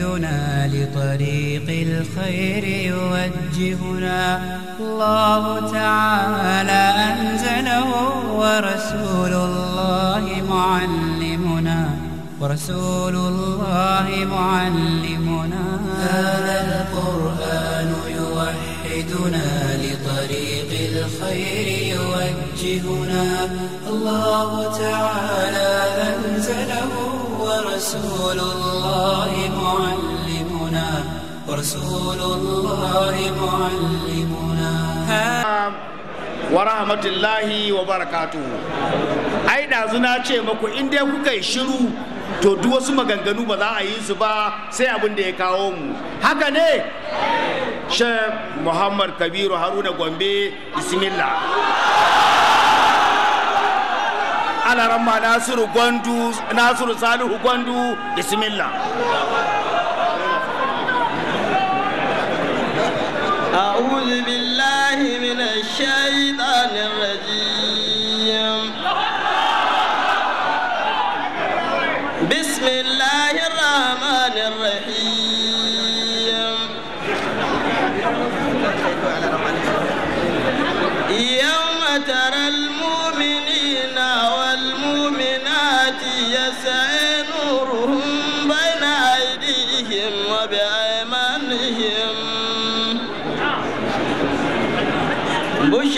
مرشدنا لطريق الخير يوجهنا الله تعالى أنزله ورسول الله معلمنا ورسول الله معلمنا هذا القرآن يوحدنا لطريق الخير يوجهنا الله تعالى أنزله ورسول الله معلمنا ورسول الله معلمنا ورحمة الله وبركاته ai ɗazu na ce maku in dai kuka yi shiru to duk wasu maganganu ba za a yi su ba sai abin da ya kawo mu haka ne shek muhammad kabiru haruna gombe bismillah alarama nasiru gwandu nasiru salihu gwandu bismillah أعوذ بالله من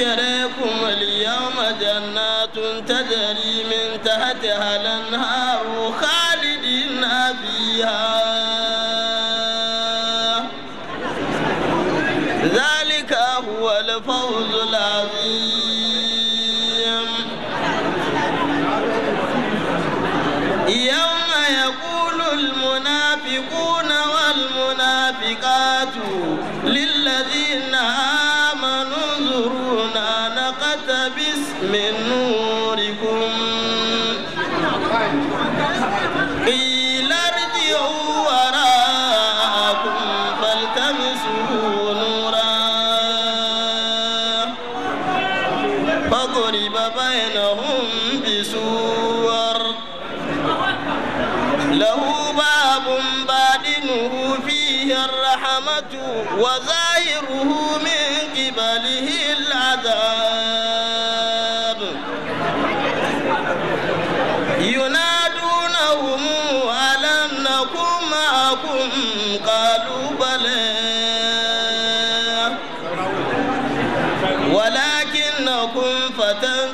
يريكم اليوم جنات تجري من تحتها الأنهار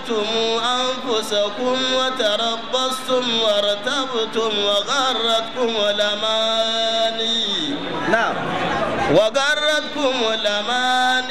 قتلتم أنفسكم وتربصتم وارتبتم وغرتكم الأماني نعم وغرتكم الأماني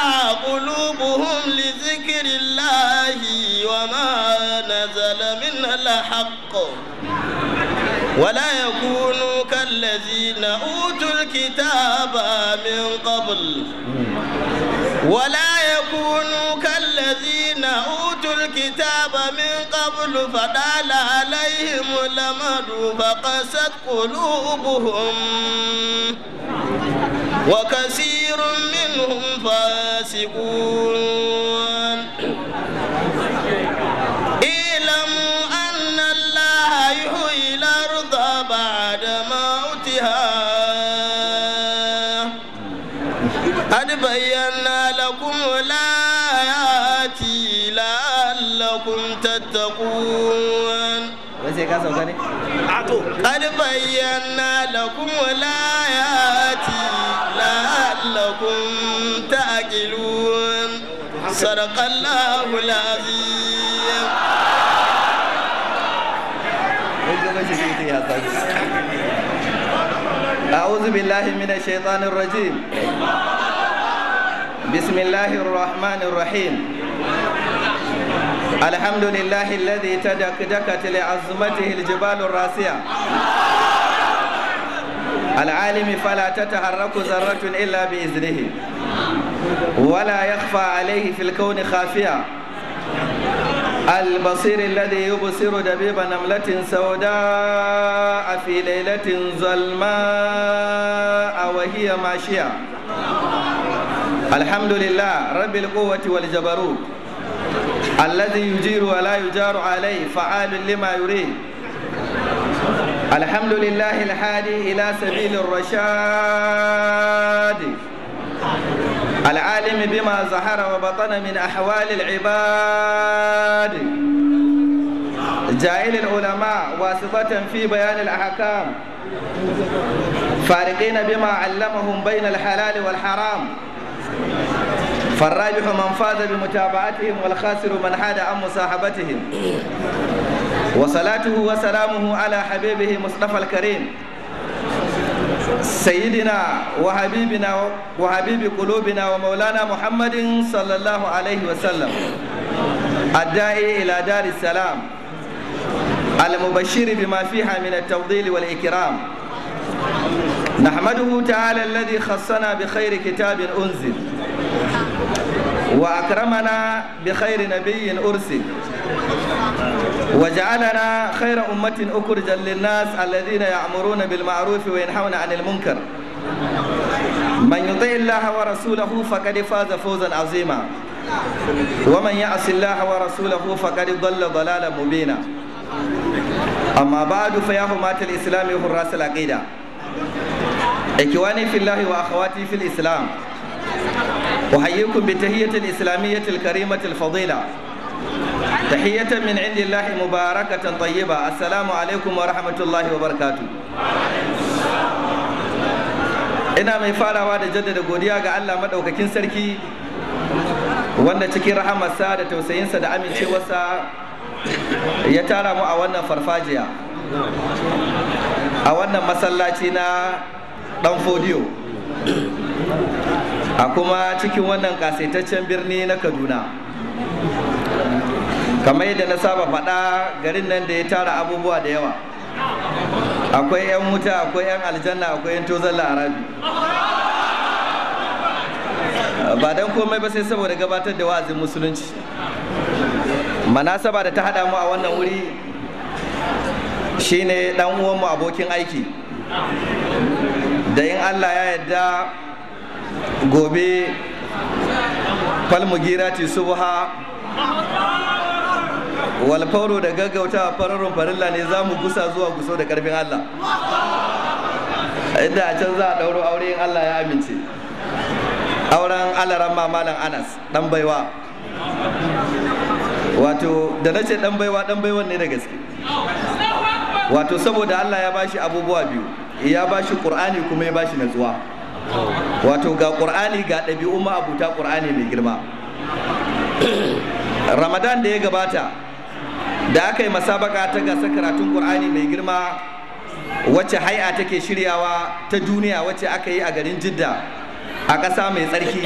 تخشع قلوبهم لذكر الله وما نزل من الحق ولا يكونوا كالذين أوتوا الكتاب من قبل ولا يكونوا كالذين أوتوا الكتاب من قبل فدال عليهم الأمد فقست قلوبهم وكثير منهم فاسقون اعلموا أن الله يحيي الأرض بعد موتها قد بينا لكم الآيات لعلكم تتقون قد بينا لكم الآيات لعلكم تعقلون صدق الله العظيم أعوذ بالله من الشيطان الرجيم بسم الله الرحمن الرحيم الحمد لله الذي تدكدكت لعظمته الجبال الراسية العالم فلا تتحرك ذرة إلا بإذنه ولا يخفى عليه في الكون خافية البصير الذي يبصر دبيب نملة سوداء في ليلة ظلماء وهي ماشية الحمد لله رب القوة والجبروت الذي يجير ولا يجار عليه فعال لما يريد الحمد لله الحادي إلى سبيل الرشاد العالم بما ظهر وبطن من أحوال العباد جائل العلماء واسطة في بيان الأحكام فارقين بما علمهم بين الحلال والحرام فالراجح من فاز بمتابعتهم والخاسر من حاد عن مصاحبتهم وصلاته وسلامه على حبيبه مصطفى الكريم سيدنا وحبيبنا وحبيب قلوبنا ومولانا محمد صلى الله عليه وسلم الداعي إلى دار السلام المبشر بما فيها من التفضيل والإكرام نحمده تعالى الذي خصنا بخير كتاب أنزل وأكرمنا بخير نبي أرسل وجعلنا خير أمة أكرجا للناس الذين يأمرون بالمعروف وينحون عن المنكر من يطيع الله ورسوله فقد فاز فوزا عظيما ومن يعص الله ورسوله فقد ضل ضلالا مبينا أما بعد فيا مات الإسلام حراس العقيدة إخواني في الله وأخواتي في الإسلام أحييكم بتهية الإسلامية الكريمة الفضيلة تحية من عند الله مباركة طيبة السلام عليكم ورحمة الله وبركاته ina mai farawa da jaddada godiya ga Allah maɗaukakin sarki wanda cikin rahamarsa da tausayinsa da amincewarsa ya tara mu a wannan farfajiya a wannan masallaci na ɗan fodiyo a kuma cikin wannan kasaitaccen birni na kaduna kamar yadda na saba faɗa garin nan da ya tara abubuwa da yawa akwai 'yan wuta akwai 'yan aljanna akwai 'yan tozon larabi ba don komai ba sai saboda gabatar da wa'azin musulunci manasaba da ta haɗa mu a wannan wuri shine ɗan uwanmu abokin aiki da in allah ya yadda gobe falmugirati subha walfauro da gaggautawa fararun farilla ne za mu gusa zuwa guso da karfin Allah inda a can za a ɗauro aure yin Allah ya amince auren alaran mamalan Anas ɗan baiwa wato da na ce ɗan baiwa ɗan baiwan ne da gaske wato saboda Allah ya bashi abubuwa biyu ya bashi ƙur'ani kuma ya bashi natsuwa wato ga ƙur'ani ga ɗabi'u ma abuta Qur'ani mai girma Ramadan da ya gabata da aka yi masabaka ta gasa karatun qur'ani mai girma wacce hai'a take shiryawa ta duniya wacce aka yi a garin jidda a ƙasa mai tsarki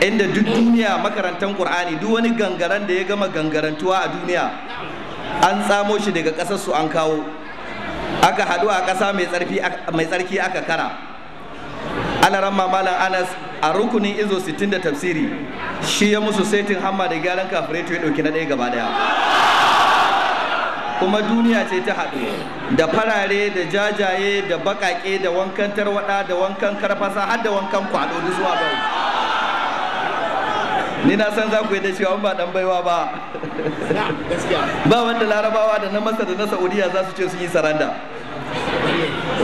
inda duk duniya makarantar ƙur'ani duk wani gangaren da ya gama gangarantuwa a duniya an tsamo shi daga ƙasar su an kawo aka haɗu a ƙasa mai tsarki aka kara alaran mamalan anas a rukunin izo 60 da tafsiri shi ya musu saitin hamma da gyaran kafireto ya ɗauki na ɗaya gaba ɗaya kuma duniya ce ta haɗu da farare da jajaye da baƙaƙe da wankan tarwaɗa da wankan karfasa har da wankan kwaɗo da zuwa bai ni na san za ku yi da cewa ba dan baiwa ba ba wanda larabawa da na masa da na saudiya za su ce sun yi saranda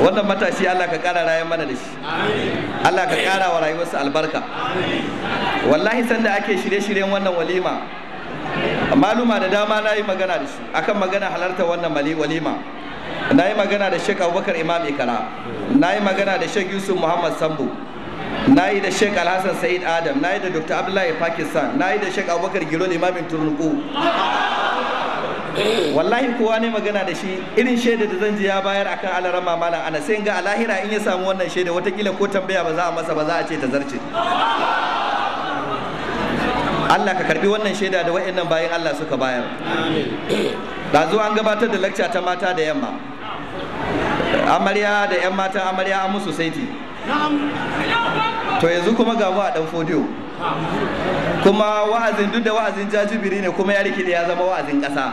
wannan matashi Allah ka kara rayar mana da shi Allah ka kara wa rayuwarsa albarka wallahi sanda ake shirye-shiryen wannan walima maluma da dama na yi magana da su akan magana halarta wannan walima na yi magana da sheik abubakar imam ikara na yi magana da sheik yusuf muhammad sambo na yi da sheik alhassan sa'id adam na yi da dr abdullahi pakistan na yi da sheik abubakar gilol imamin turnuku wallahi kowa ne magana da shi irin shaida da zan ji ya bayar akan alarama malam ana sai ga alahira in ya samu wannan shaida watakila ko tambaya ba za a masa ba za a ce ta zarce Allah ka karbi wannan shaida da wa'annan bayan Allah suka bayar da zuwa an gabatar da lakca ta mata da yamma amarya da yan mata amarya an musu saiti to yanzu kuma ga mu a dan fodiyo kuma wa'azin duk da wa'azin jajibiri ne kuma ya rikide ya zama wa'azin ƙasa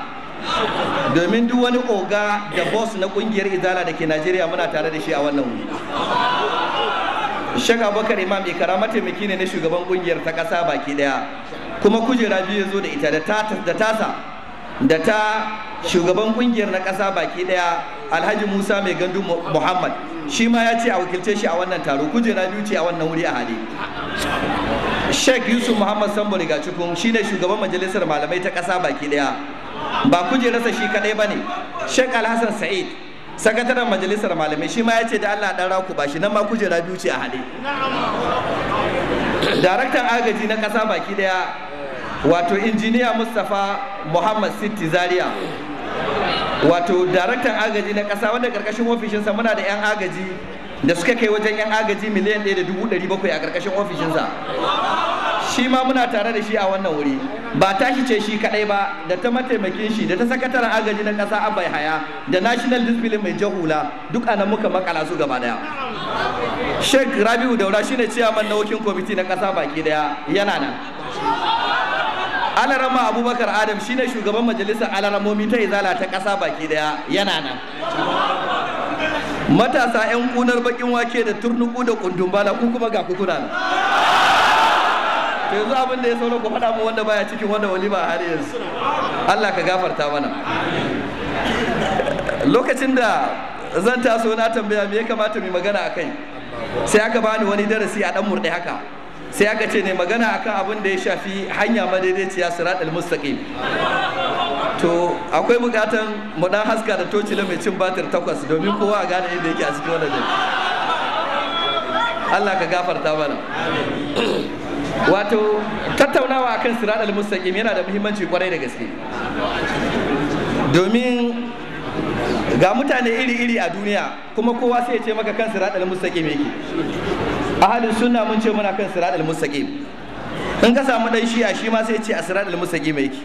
domin duk wani oga da boss na kungiyar izala da ke najeriya muna tare da shi a wannan wuri shek abubakar imam ikara mataimaki ne na shugaban kungiyar ta kasa baki daya kuma kujera biyu ya zo da ita da tasa da ta shugaban kungiyar na ƙasa baki ɗaya alhaji musa mai gandu muhammad shi ma ya ce a wakilce shi a wannan taro kujera biyu ce a wannan wuri a hali sheikh yusuf muhammad sambo ga cikin ne shugaban majalisar malamai ta ƙasa baki ɗaya ba kujerarsa shi kaɗai ba ne sheikh alhassan sa'id sakataren majalisar malamai shi ma ya ce da allah ɗan raku ba shi nan ma kujera biyu ce a hali daraktan agaji na ƙasa baki ɗaya wato injiniya mustapha muhammad Siti zaria wato daraktan agaji na kasa wanda ƙarƙashin ofishinsa muna da 'yan agaji da suka kai wajen 'yan agaji miliyan ɗaya da dubu ɗari bakwai a ƙarƙashin ofishinsa shi ma muna tare da shi a wannan wuri ba tashi ce shi kaɗai ba da ta mataimakin shi da ta sakataren agaji na ƙasa abai haya da national discipline mai jahula duk anan muka makala su gaba daya Sheik rabiu daura shine ciyaman na wakin kwamiti na kasa baki daya yana nan alarama abubakar adam shi ne shugaban majalisar alaramomi ta izala ta ƙasa baki daya yana nan matasa 'yan kunar bakin wake da turnuku da bala ku kuma ga kukuna To yanzu abin da ya sauro ku faɗa mu wanda baya cikin wanda wani a har yanzu Allah ka gafarta mana lokacin da zan taso na tambaya me ya kamata mu magana akai sai aka bani wani darasi a dan murɗe haka sai aka ce ne magana akan abin da ya shafi hanya madaidaiciya sirat al-mustaqim to akwai bukatan mu dan haska da tocila mai cin batir takwas domin kowa a gane inda yake a cikin wannan Allah ka gafarta mana wato tattaunawa akan sirat al-mustaqim yana da muhimmanci kwarai da gaske domin ga mutane iri-iri a duniya kuma kowa sai ya ce maka kan sirat al-mustaqim yake ahalin sunna mun ce muna kan sirat al-mustaqim in ka samu dan shi'a shi ma sai ce a sirat al-mustaqim yake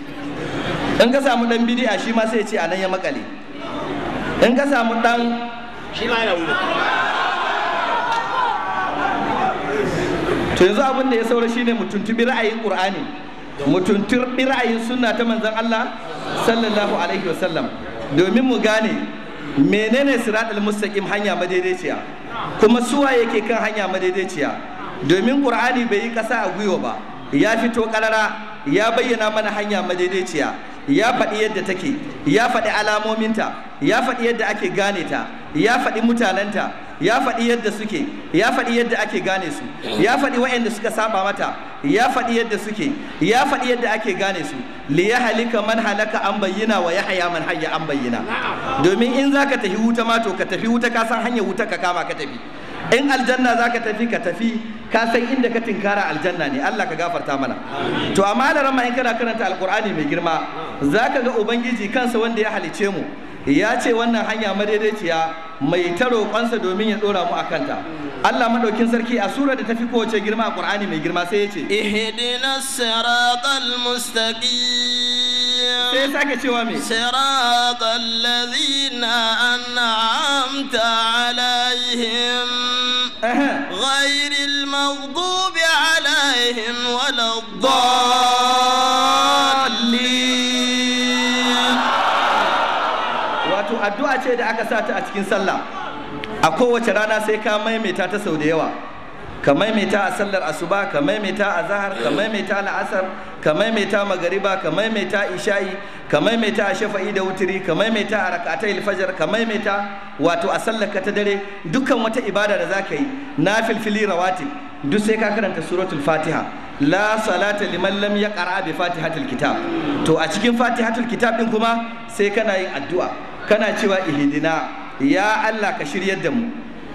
in ka samu dan bid'a shi ma sai ce a nan ya makale in ka samu dan shi ma yana wuri to yanzu abin da ya saura shine mutuntubi ra'ayin qur'ani mutuntur ra'ayin sunna ta manzon Allah sallallahu alaihi wasallam domin mu gane menene siratul mustaqim hanya madaidaiciya kuma suwa yake kan hanya madaidaiciya domin qur'ani bai yi kasa a gwiwa ba ya fito karara ya bayyana mana hanya madaidaiciya ya faɗi yadda take ya faɗi alamominta ya faɗi yadda ake gane ta ya faɗi mutanenta ya faɗi yadda suke ya faɗi yadda ake gane su ya faɗi waɗanda suka saba mata ya faɗi yadda suke ya faɗi yadda ake gane su li ya halika man halaka an bayyana wa ya haya man hayya an bayyana domin in zaka tafi wuta ma to ka tafi wuta ka san hanyar wuta ka kama ka tafi in aljanna zaka tafi ka tafi ka san inda ka tinkara aljanna ne Allah ka gafarta mana to amma da rama in kana karanta alkur'ani mai girma za ka ga ubangiji kansa wanda ya halice mu ya ce wannan hanya madaidaiciya mai ta roƙonsa domin ya ɗora mu a kanta Allah maɗaukin sarki a sura da fi kowace girma a Ƙur'ani mai girma sai ya ce ihdina siratal mustaqim sai sake cewa me siratal ladzina an'amta alaihim ghairil maghdubi alaihim waladdallin addu'a ce da aka sa a cikin sallah a kowace rana sai ka maimaita ta sau da yawa ka maimaita a sallar asuba ka maimaita a zahar ka maimaita la'asar ka maimaita magariba ka maimaita isha'i ka maimaita a shafa'i da wuturi ka maimaita a rakatai alfajar ka maimaita wato a sallar ka ta dare dukkan wata ibada da za ka yi na filfili rawati duk sai ka karanta suratul fatiha la salata liman lam yaqra bi fatihatil kitab to a cikin fatihatul kitab din kuma sai kana yin addu'a kana cewa ihidina ya Allah ka shiryar da mu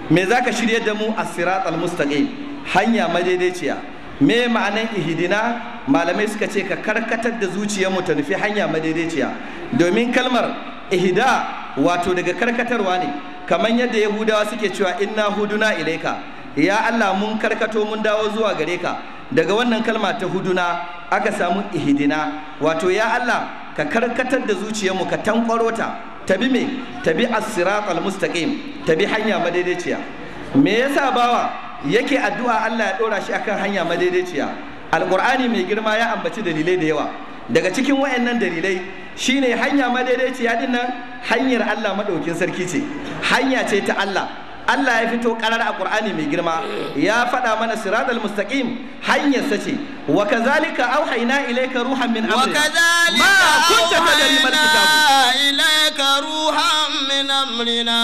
me zaka shiryar da mu as-sirat al-mustaqim hanya madaidaiciya me ma'anan ihidina? malamai suka ce ka karkatar da zuciyarmu ta nufi hanya madaidaiciya domin kalmar ihida. wato daga karkatarwa ne kamar yadda yahudawa suke cewa inna huduna ilaika ya Allah mun karkato mun dawo zuwa gare ka daga wannan kalma ta huduna aka samu ihidina? wato ya Allah ka karkatar da zuciyarmu ka tankwaro tabi me tabi asirat almustaqim al-mustaqim tabi hanya madaidaiciya me yasa bawa yake addu'a Allah ya dora shi akan hanya madaidaiciya alqur'ani mai girma ya ambaci dalilai da yawa daga cikin wayannan dalilai shine hanya madaidaiciya dinnan hanyar Allah madaukin sarki ce hanya ce ta Allah Allah ya fito karar a Qur'ani mai girma ya faɗa mana siratal mustaqim hanyar sace wa kazalika auhayna ilayka ruhan min amrina wa kazalika ma kunta tadri mal kitab ilayka ruhan min amrina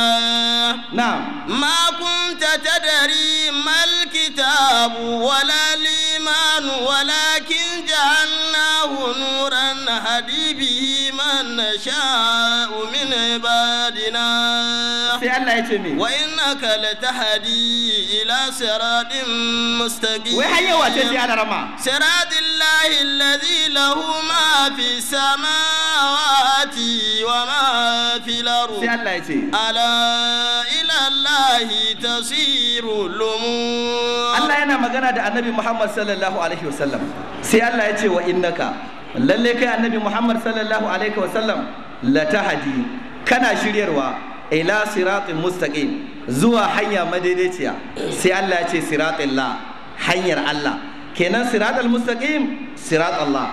na'am ma kunta tadri mal kitab wala liman walakin ja'alnahu nuran hadi bihi man nasha'u min ibadina sai Allah ya ce me wa inna إياك لتهدي إلى صراط مستقيم وهي وتدي على رما صراط الله الذي له ما في السماوات وما في الأرض ألا إلى الله تصير الأمور الله yana magana da annabi Muhammad sallallahu alaihi wasallam sai Allah ya ce wa innaka lalle kai annabi Muhammad sallallahu alaihi wasallam la kana shiryarwa ila siratin mustaqim zuwa hanya madaidaiciya sai Allah ya ce siratin la hanyar Allah kenan siratal mustaqim sirat Allah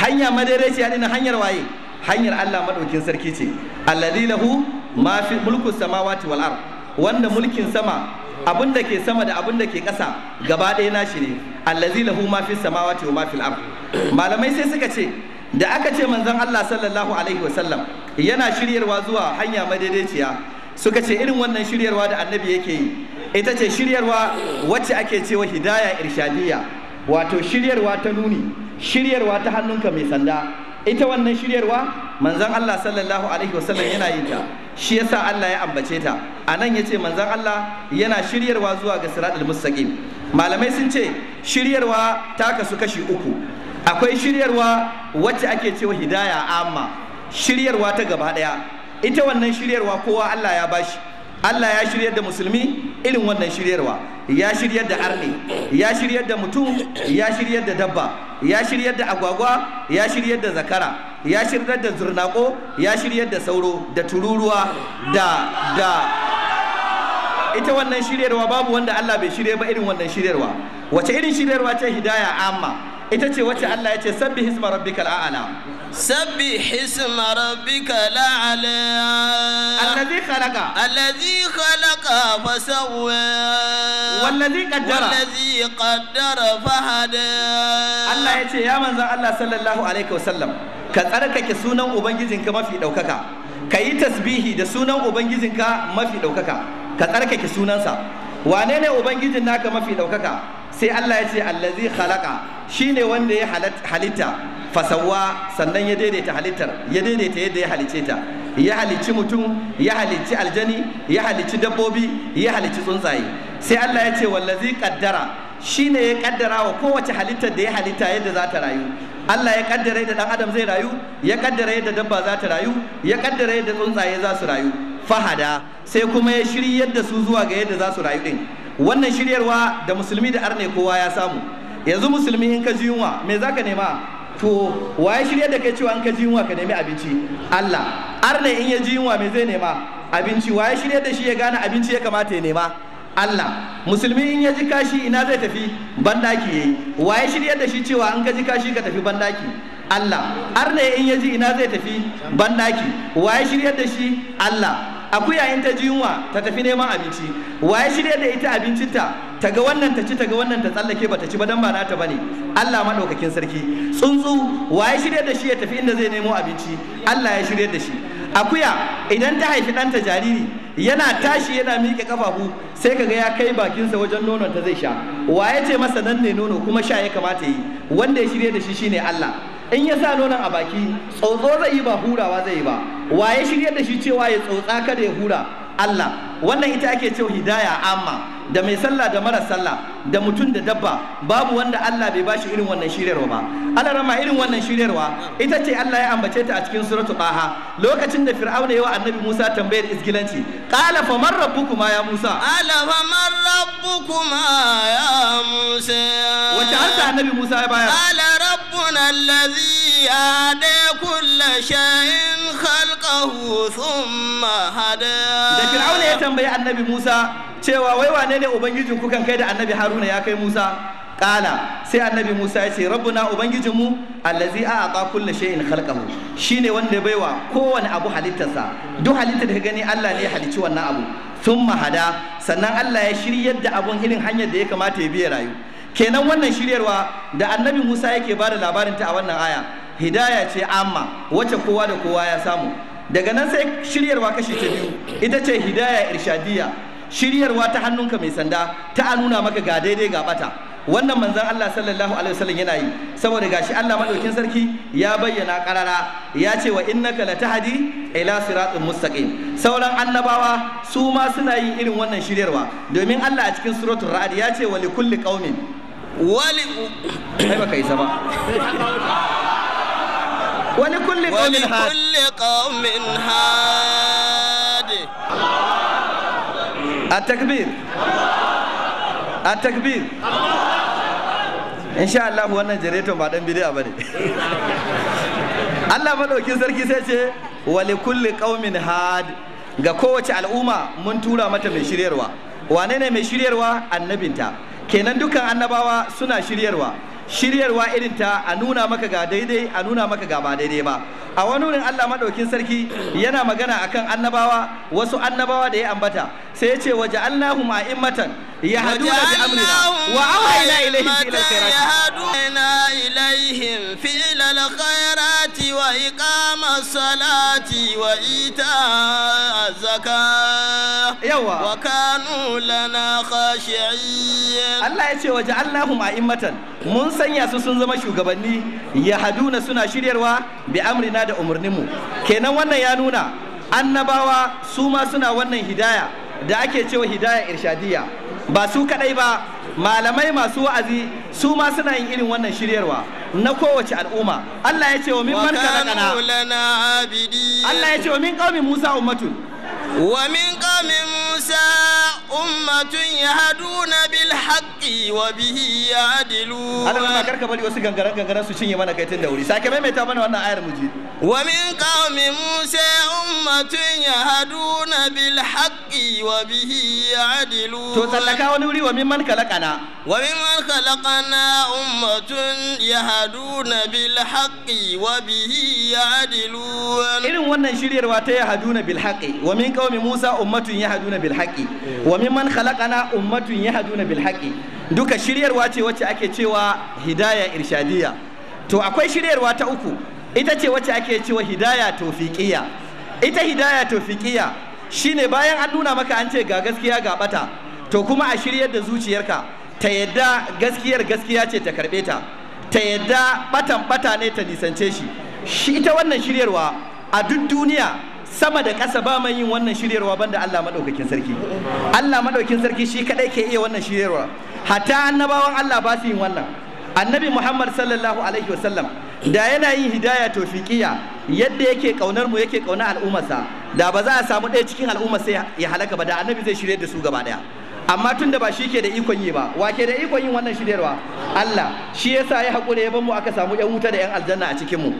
hanya madaidaiciya din hanyar waye hanyar Allah madaukin sarki ce alladhi lahu ma fi mulku samawati wal ard wanda mulkin sama abin da ke sama da abin da ke ƙasa gaba ɗaya nashi ne allazi lahu ma fi samawati wa ma fil ard malamai sai suka ce da aka ce manzon Allah sallallahu alaihi wasallam yana shiryarwa zuwa hanya madaidaiciya suka ce irin wannan shiryarwa da annabi yake yi ita ce shiryarwa wacce ake cewa hidaya irshadiyya wato shiryarwa ta nuni shiryarwa ta hannunka mai sanda ita wannan shiryarwa manzon Allah sallallahu alaihi wasallam yana yin ta shi yasa Allah ya ambace ta anan yace manzon Allah yana shiryarwa zuwa ga siratul mustaqim malamai sun ce shiryarwa ta kasu kashi uku akwai shiryarwa wacce ake cewa hidaya amma shiryarwa ta gaba daya ita wannan shiryarwa kowa Allah ya bashi Allah ya shiryar da musulmi irin wannan shiryarwa ya shiryar da arni ya shiryar da mutum ya shiryar da dabba ya shiryar da agwagwa ya shiryar da zakara ya shiryar da zurnako ya shiryar da sauro da tururuwa da da ita wannan shiryarwa babu wanda Allah bai shirye ba irin wannan shiryarwa wace irin shiryarwa ce hidaya amma ita ce wacce Allah ya ce sabbi hisma rabbikal a'la sabbi hisma rabbikal a'la allazi khalaqa allazi khalaqa fa sawwa wallazi qaddara wallazi qaddara fa hada Allah ya ce ya manzon Allah sallallahu alaihi wasallam ka tsarkake sunan ubangijinka mafi daukaka ka yi tasbihi da sunan ubangijinka mafi daukaka ka tsarkake sunansa wane ne ubangijin naka mafi daukaka sai Allah ya ce allazi khalaqa shine wanda ya halitta fasawa sannan ya daidaita halittar ya daidaita yadda ya halice ta ya halici mutum ya halici aljani ya halici dabbobi ya halici tsuntsaye sai Allah ya ce wallazi kaddara shine ya kaddara wa kowace halittar da ya halitta yadda za ta rayu Allah ya kaddara yadda dan adam zai rayu ya kaddara yadda dabba za ta rayu ya kaddara yadda tsuntsaye za su rayu fahada sai kuma ya shiri yadda su zuwa ga yadda za su rayu din wannan shiryarwa da musulmi da arne kowa ya samu yanzu musulmi in ka ji yunwa me za ka nema to waye shirya da kai cewa in ka ji yunwa ka nemi abinci Allah arne in ya ji yunwa me zai nema abinci waye shirya da shi ya gane abinci ya kamata ya nema Allah musulmi in ya ji kashi ina zai tafi bandaki yayi waye shirya da shi cewa in ka ji kashi ka tafi bandaki Allah arne in ya ji ina zai tafi bandaki waye shirya da shi Allah akuya in ta ji yunwa ta tafi neman abinci wa ya shirya da ita abincin ta ta ga wannan ta ci ta ga wannan ta tsallake ba ta ci ba dan ba nata bane Allah madaukakin sarki tsuntsu wa ya shirya da shi ya tafi inda zai nemo abinci Allah ya shirya da shi akuya idan ta haifi ɗanta jariri yana tashi yana miƙe kafafu sai kaga ya kai bakinsa wajen nonon ta zai sha wa ya ce masa nan ne nono kuma sha ya kamata yi wanda ya shirya da shi shine Allah in ya sa nonon a baki tsotso zai yi ba hurawa zai yi ba wa ya shirya da shi cewa ya tsotsa kada ya hura Allah wannan ita ake cewa hidaya amma da mai sallah da mara sallah da mutum da dabba babu wanda Allah bai bashi irin wannan shiryarwa ba Allah rama irin wannan shiryarwa ita ce Allah ya ambace ta a cikin suratu Baha lokacin da Fir'auna ya Annabi Musa tambayar isgilanci qala fa man rabbukuma ya Musa qala fa man rabbukuma ya Musa wata Annabi Musa ya bayar ربنا الذي أعدى كل شيء خلقه ثم هدى da fir'auna ya tambayi annabi Musa cewa wai wane ne ubangijin kukan kai da annabi Haruna ya kai Musa kala sai annabi Musa ya ce rabbuna ubangijinmu allazi a'ata kulli shay'in khalqahu shine wanda baiwa kowane abu halittarsa duk halittar da gani Allah ne ya halicci wannan abu thumma hada sannan Allah ya shiryar da abun irin hanyar da ya kamata ya biya rayu kenan wannan shiryarwa da annabi Musa yake ba da labarin ta a wannan aya hidaya ce amma wacce kowa da kowa ya samu daga nan sai shiryarwa kashi ta biyu ita ce hidaya irshadiya shiryarwa ta hannunka mai sanda ta nuna maka ga daidai ga bata wannan manzon Allah sallallahu alaihi wasallam yana yi saboda gashi Allah madaukin sarki ya bayyana karara ya ce wa innaka latahdi ila siratin mustaqim sauran annabawa su ma suna yin irin wannan shiryarwa domin Allah a cikin suratul ra'd ya ce wa likulli qaumin wali ai baka isa ba wani kulli qaumin had kulli qaumin had at-takbir at-takbir insha Allah wannan jareto ba dan bid'a bane Allah madaukin sarki sai ce wali kulli qaumin had ga kowace al'umma mun tura mata mai shiryarwa wane ne mai shiryarwa annabinta kenan dukkan annabawa suna shiryarwa shiryarwa irin ta a nuna maka ga daidai a nuna maka ga ba daidai ba a wani wurin Allah madaukin sarki yana magana akan annabawa wasu annabawa da ya ambata sai ya ce waje Allahum a'immatan يهدون بأمرنا وأوحينا إليهم فعل الخيرات يهدونا إليهم فعل الخيرات وإقام الصلاة وإيتاء الزكاة يوا وكانوا لنا خاشعين الله يتي وجعلناهم أئمة mun sanya su sun zama shugabanni ya haduna suna shiryarwa bi amrina da umarninmu kenan wannan ya nuna annabawa su ma suna wannan hidaya da ake cewa hidaya irshadiyya ba su kadai ba malamai masu wa'azi su ma suna yin irin wannan shiryarwa na kowace al'umma Allah ya ce wa min man Allah ya ce wa min qaumi Musa ummatun ومن قوم موسى أمة يهدون بالحق وبه يعدلون ومن قوم موسى أمة يهدون بالحق وبه يعدلون ومن من خلقنا ومن من خلقنا أمة يهدون بالحق وبه يعدلون إن وانا شرير واتي يهدون بالحق ومن qaumi Musa ummatun yahduna bil haqqi wa mimman khalaqana ummatun yahduna bil haqqi duka shiryarwa ce wacce ake cewa hidaya irshadiyya to akwai shiryarwa ta uku ita ce wacce ake cewa hidaya tawfiqiyya ita hidaya tawfiqiyya shine bayan an nuna maka an ce ga gaskiya ga bata to kuma a shiryar da zuciyarka ta yadda gaskiyar gaskiya ce ta karbe ta ta yadda batan bata ne ta nisance shi shi ita wannan shiryarwa a duk duniya sama da ƙasa ba mai yin wannan shiryarwa banda Allah maɗaukakin sarki Allah maɗaukakin sarki shi kaɗai ke iya wannan shiryarwa hatta annabawan Allah ba su yin wannan annabi Muhammad sallallahu alaihi wasallam da yana yin hidaya tofiƙiya yadda yake ƙaunar mu yake kauna al'ummarsa da ba za a samu ɗaya cikin al'ummarsa ya halaka ba da annabi zai shirye da su gaba ɗaya amma tun da ba shi ke da ikon yi ba wa ke da ikon yin wannan shiryarwa Allah shi ya sa ya haƙura ya mu aka samu yan wuta da yan aljanna a cikin mu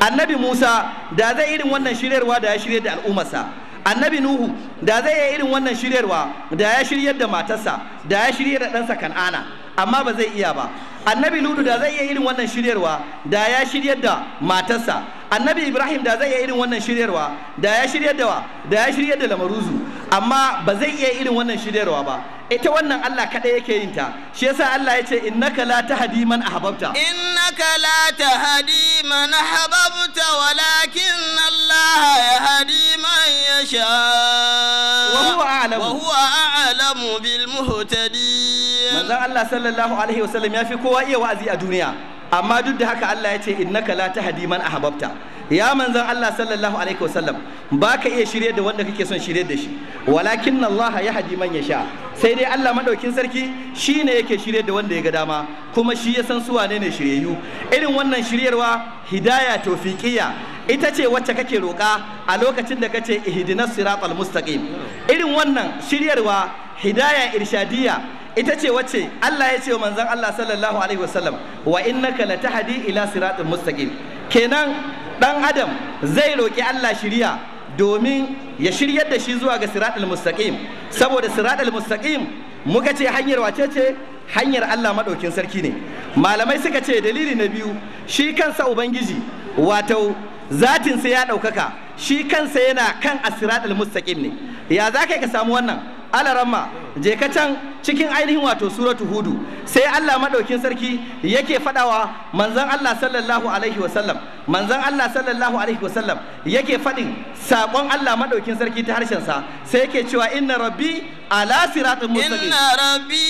annabi Musa da zai irin wannan shiryarwa da ya shirye da al'ummarsa annabi Nuhu da zai yi irin wannan shiryarwa da ya shiryar da matarsa da ya shirye da ɗansa Kan'ana amma ba zai iya ba annabi ludu da zai iya irin wannan shiryarwa da ya shiryar da matarsa annabi ibrahim da zai iya irin wannan shiryarwa da ya shiryar da da ya shiryar da lamaruzu amma ba zai iya irin wannan shiryarwa ba ita wannan Allah kaɗai yake yin ta shi yasa Allah ya ce innaka la tahdi man ahbabta innaka la tahdi man ahbabta walakin Allah yahdi man yasha wa huwa a'lamu wa huwa a'lamu bil muhtadin manzon Allah sallallahu alaihi sallam ya fi kowa iya wa'azi a duniya amma duk da haka Allah ya ce innaka la tahdi man ahbabta ya manzon Allah sallallahu alaihi wasallam baka iya shirye da wanda kake son shirye da shi walakin Allah ya haji man ya sha. sai dai Allah madaukin sarki shine yake shirye da wanda ya ga dama kuma shi ya san su wane ne shiryayyu irin wannan shiryarwa hidaya tawfiqiyya ita ce wacce kake roƙa a lokacin da kace ihdinas siratal mustaqim irin wannan shiryarwa hidaya irshadiyya ita ce wacce Allah ya ce wa manzon Allah sallallahu alaihi wasallam wa innaka latahdi ila siratal mustaqim kenan Ɗan adam zai roƙi Allah shiriya domin ya shiryar da shi zuwa ga siratul mustaqim saboda siratul mustaqim muka ce hanyar wace ce hanyar Allah maɗaukin sarki ne malamai suka ce dalili na biyu shi kansa ubangiji wato zatinsa ya ɗaukaka shi kansa yana kan asiratul mustaqim ne ya za ka samu wannan ramma je ka can cikin ainihin wato suratu hudu sai Allah madaukin sarki yake fadawa manzon Allah sallallahu alaihi wasallam manzon Allah sallallahu alaihi wasallam yake fadin sakon Allah madaukin sarki ta harshen sa sai yake cewa inna rabbi ala siratin mustaqim inna rabbi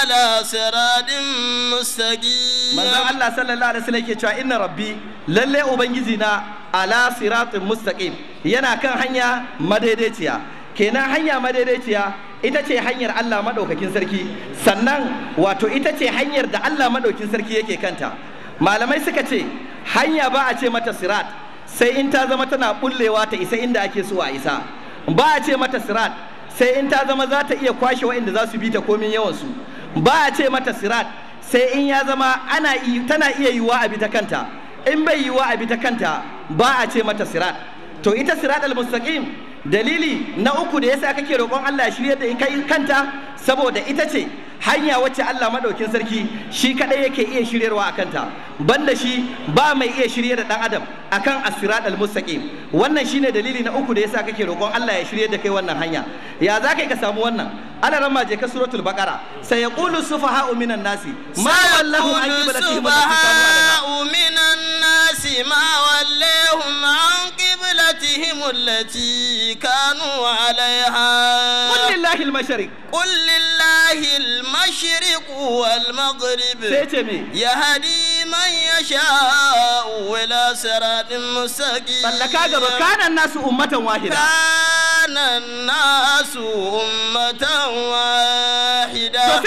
ala siratin mustaqim manzon Allah sallallahu alaihi wasallam yake cewa inna rabbi lalle ubangiji na ala siratin mustaqim yana kan hanya madaidaiciya kenan hanya madaidaiciya ita ce hanyar Allah maɗaukakin sarki sannan wato ita ce hanyar da Allah maɗaukakin sarki yake kanta malamai suka ce hanya ba a ce mata sirat sai in ta zama tana bullewa ta isa inda ake so a isa ba a ce mata sirat sai in ta zama za ta iya kwashe waɗanda za su bi ta komin yawansu ba a ce mata sirat sai in ya zama ana tana iya yiwuwa a bi ta kanta in bai yiwuwa a bi ta kanta ba a ce mata sirat to ita sirat al-mustaqim dalili na uku da yasa kake roƙon Allah shirye da kai kanta saboda ita ce hanya wacce Allah maɗaukin sarki shi kadai yake iya shiryarwa a kanta banda shi ba mai iya shirye da ɗan adam akan asiradal mustaqim wannan shine dalili na uku da yasa kake roƙon Allah ya shirye da kai wannan hanya ya za kai ka samu wannan ala ramma je ka suratul baqara sai yaqulu sufaha'u minan nasi ma wallahu an qiblatihim minan nasi ma wallahum an qiblatihim allati kanu alaiha qul lillahi al-mashriq qul ولله المشرق والمغرب يهدي من يشاء إلى صراط مستقيم كان الناس أمة واحدة كان الناس أمة واحدة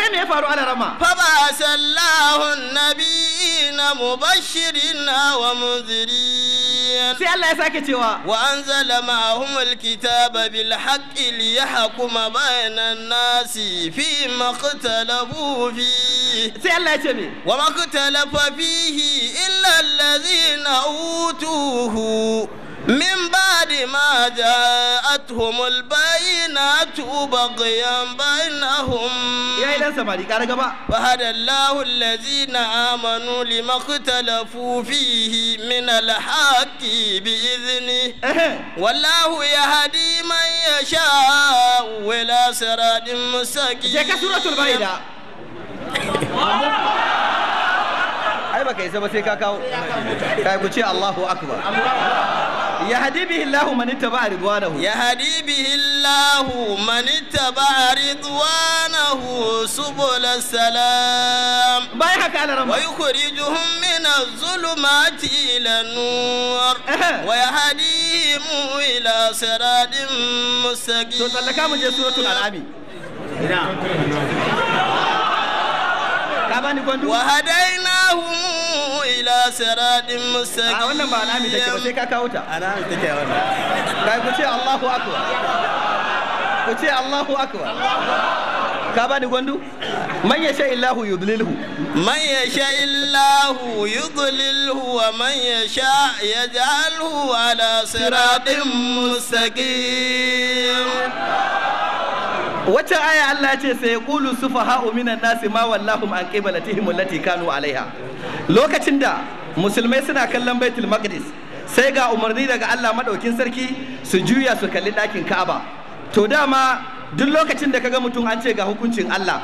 فبعث الله النبيين مبشرين ومنذرين وأنزل معهم الكتاب بالحق ليحكم بين الناس فيما اختلفوا فيه سي الله يتمي وما اختلف فيه إلا الذين أوتوه من بعد ما جاءتهم البينات بغيا بينهم فهدى الله الذين آمنوا لما اختلفوا فيه من الحق بإذنه والله يهدي من يشاء إلى صراط مستقيم ai baka isa ba sai ka kawo kai ku ce Allahu akbar ya hadibihi Allahu man ittaba ridwanahu ya hadibihi Allahu man ittaba ridwanahu subul salam bai haka ala rabbi wa yukhrijuhum min adh-dhulumati ila an-nur wa yahdihim ila siratin mustaqim to tallaka mu je suratul anami ina ka bani kwandu wa hadaina هداهم إلى صراط مستقيم a wannan ba alami take ba sai ka kawo ta alami take man yasha illahu yudlilhu man yasha wa man yasha yaj'alhu ala siratin mustaqim wacce aya Allah ce sai yaqulu sufaha'u minan nasi ma wallahum an qiblatihim allati kanu alaiha lokacin da musulmai suna kallon baitul maqdis sai ga umarni daga Allah madaukin sarki su juya su kalli ɗakin Ka'aba to dama duk lokacin da kaga mutum an ce ga hukuncin Allah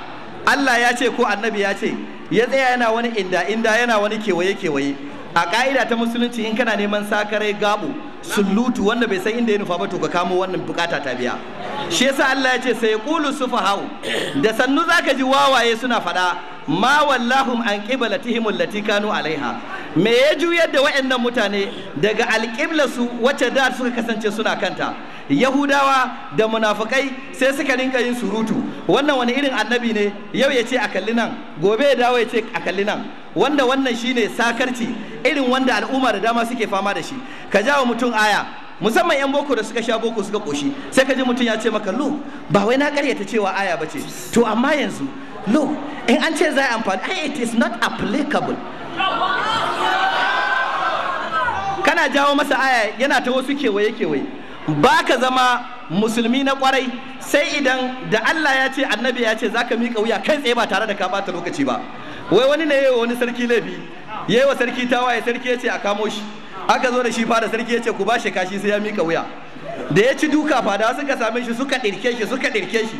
Allah ya ce ko annabi ya ce ya tsaya yana wani inda inda yana wani kewaye kewaye a ka'ida ta musulunci in kana neman sakarai gabo sulutu wanda bai san inda ya nufa ba to ka kamo wannan bukata ta biya shi yasa Allah ya ce sai qulu sufahau da sannu zaka ji wawaye suna fada ma wallahum an qiblatihim allati kanu alaiha me ya juyar da wayannan mutane daga alqibla su wacce da suka kasance suna kanta yahudawa da munafukai sai suka rinka yin surutu wannan wani irin annabi ne yau ya ce a kalli nan gobe ya dawo ya ce akalli nan wanda wannan shine sakarci irin wanda al'umma da dama suke fama da shi ka jawo mutum aya musamman yan boko da suka sha boko suka koshi sai ka ji mutum ya ce maka lo ba wai na karyata cewa aya ba ce to amma yanzu lo in an ce za a amfani ai it is not applicable kana jawo masa aya yana ta wasu kewaye kewaye ba ka zama musulmi na kwarai sai idan da Allah ya ce annabi ya ce zaka mika wuya kai tsaye ba tare da ka bata lokaci ba wai wani ne yayi wani sarki laifi yayi wa sarki tawaye sarki ya ce a kamo shi aka zo da shi fara sarki ya ce ku bashi kashi sai ya mika wuya da ya ci duka fada suka same shi suka ɗirke shi suka ɗirke shi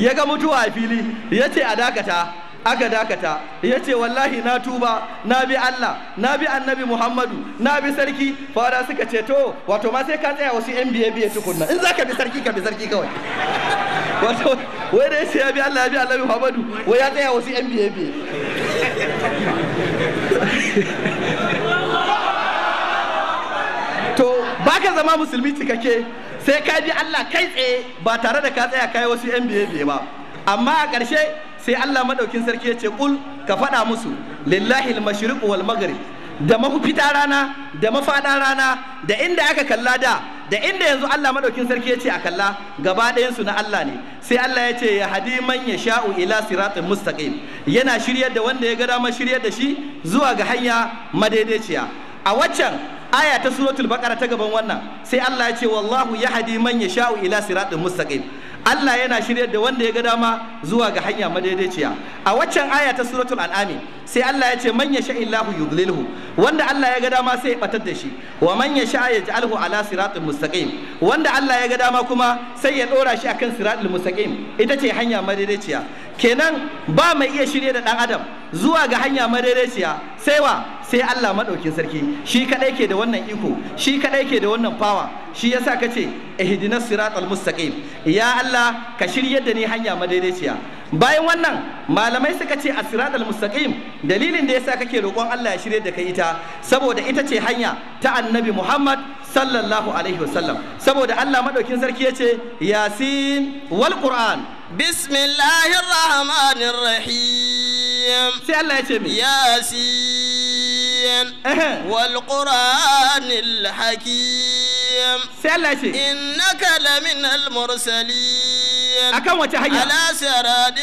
ya ga mutuwa a fili ya ce a dakata aka dakata ya ce wallahi na tuba na bi Allah na bi annabi Muhammadu na bi sarki fada suka ce to wato ma sai ka tsaya wasu NBA biye biye tukunna in za ka bi sarki ka bi sarki kawai wato wai da ya ce ya bi Allah ya bi annabi Muhammadu wai ya tsaya wasu NBA biye biye ba ka zama musulmi cikakke sai ka ji Allah kai tsaye ba tare da ka tsaya kai wasu yan biye biye ba amma a ƙarshe sai Allah madaukin sarki ya ce kul ka faɗa musu lillahi al-mashriq wal maghrib da mafita rana da mafaɗa rana da inda aka kalla da da inda yanzu Allah madaukin sarki ya ce a kalla gaba ɗayansu na Allah ne sai Allah ya ce ya hadi man ya sha'u ila siratin mustaqim yana shiryar da wanda ya ga dama shiryar da shi zuwa ga hanya madaidaiciya a waccan aya ta suratul baqara ta gaban wannan sai Allah ya ce wallahu yahdi man yasha'u ila siratin mustaqim Allah yana shiryar da wanda ya ga dama zuwa ga hanya madaidaiciya a waccan aya ta suratul al'ami sai Allah ya ce man yasha illahu yudlilhu wanda Allah ya ga dama sai ya batar da shi wa man yasha yaj'alhu ala siratin mustaqim wanda Allah ya ga dama kuma sai ya dora shi akan siratul mustaqim ita ce hanya madaidaiciya kenan ba mai iya shirye da dan adam zuwa ga hanya madaidaiciya sai wa sai Allah maɗaukin sarki shi kadai ke da wannan iko shi kadai ke da wannan fawa shi yasa kace ihdinas siratal mustaqim ya Allah ka shiryar da ni hanya madaidaiciya bayan wannan malamai suka ce as-siratal mustaqim dalilin da yasa kake roƙon Allah ya shiryar da kai ita saboda ita ce hanya ta annabi Muhammad sallallahu alaihi wasallam saboda Allah madaukin sarki yace yasin wal qur'an bismillahir rahmanir rahim sai Allah ya ce yasin مبين والقرآن الحكيم إنك لمن المرسلين على سراد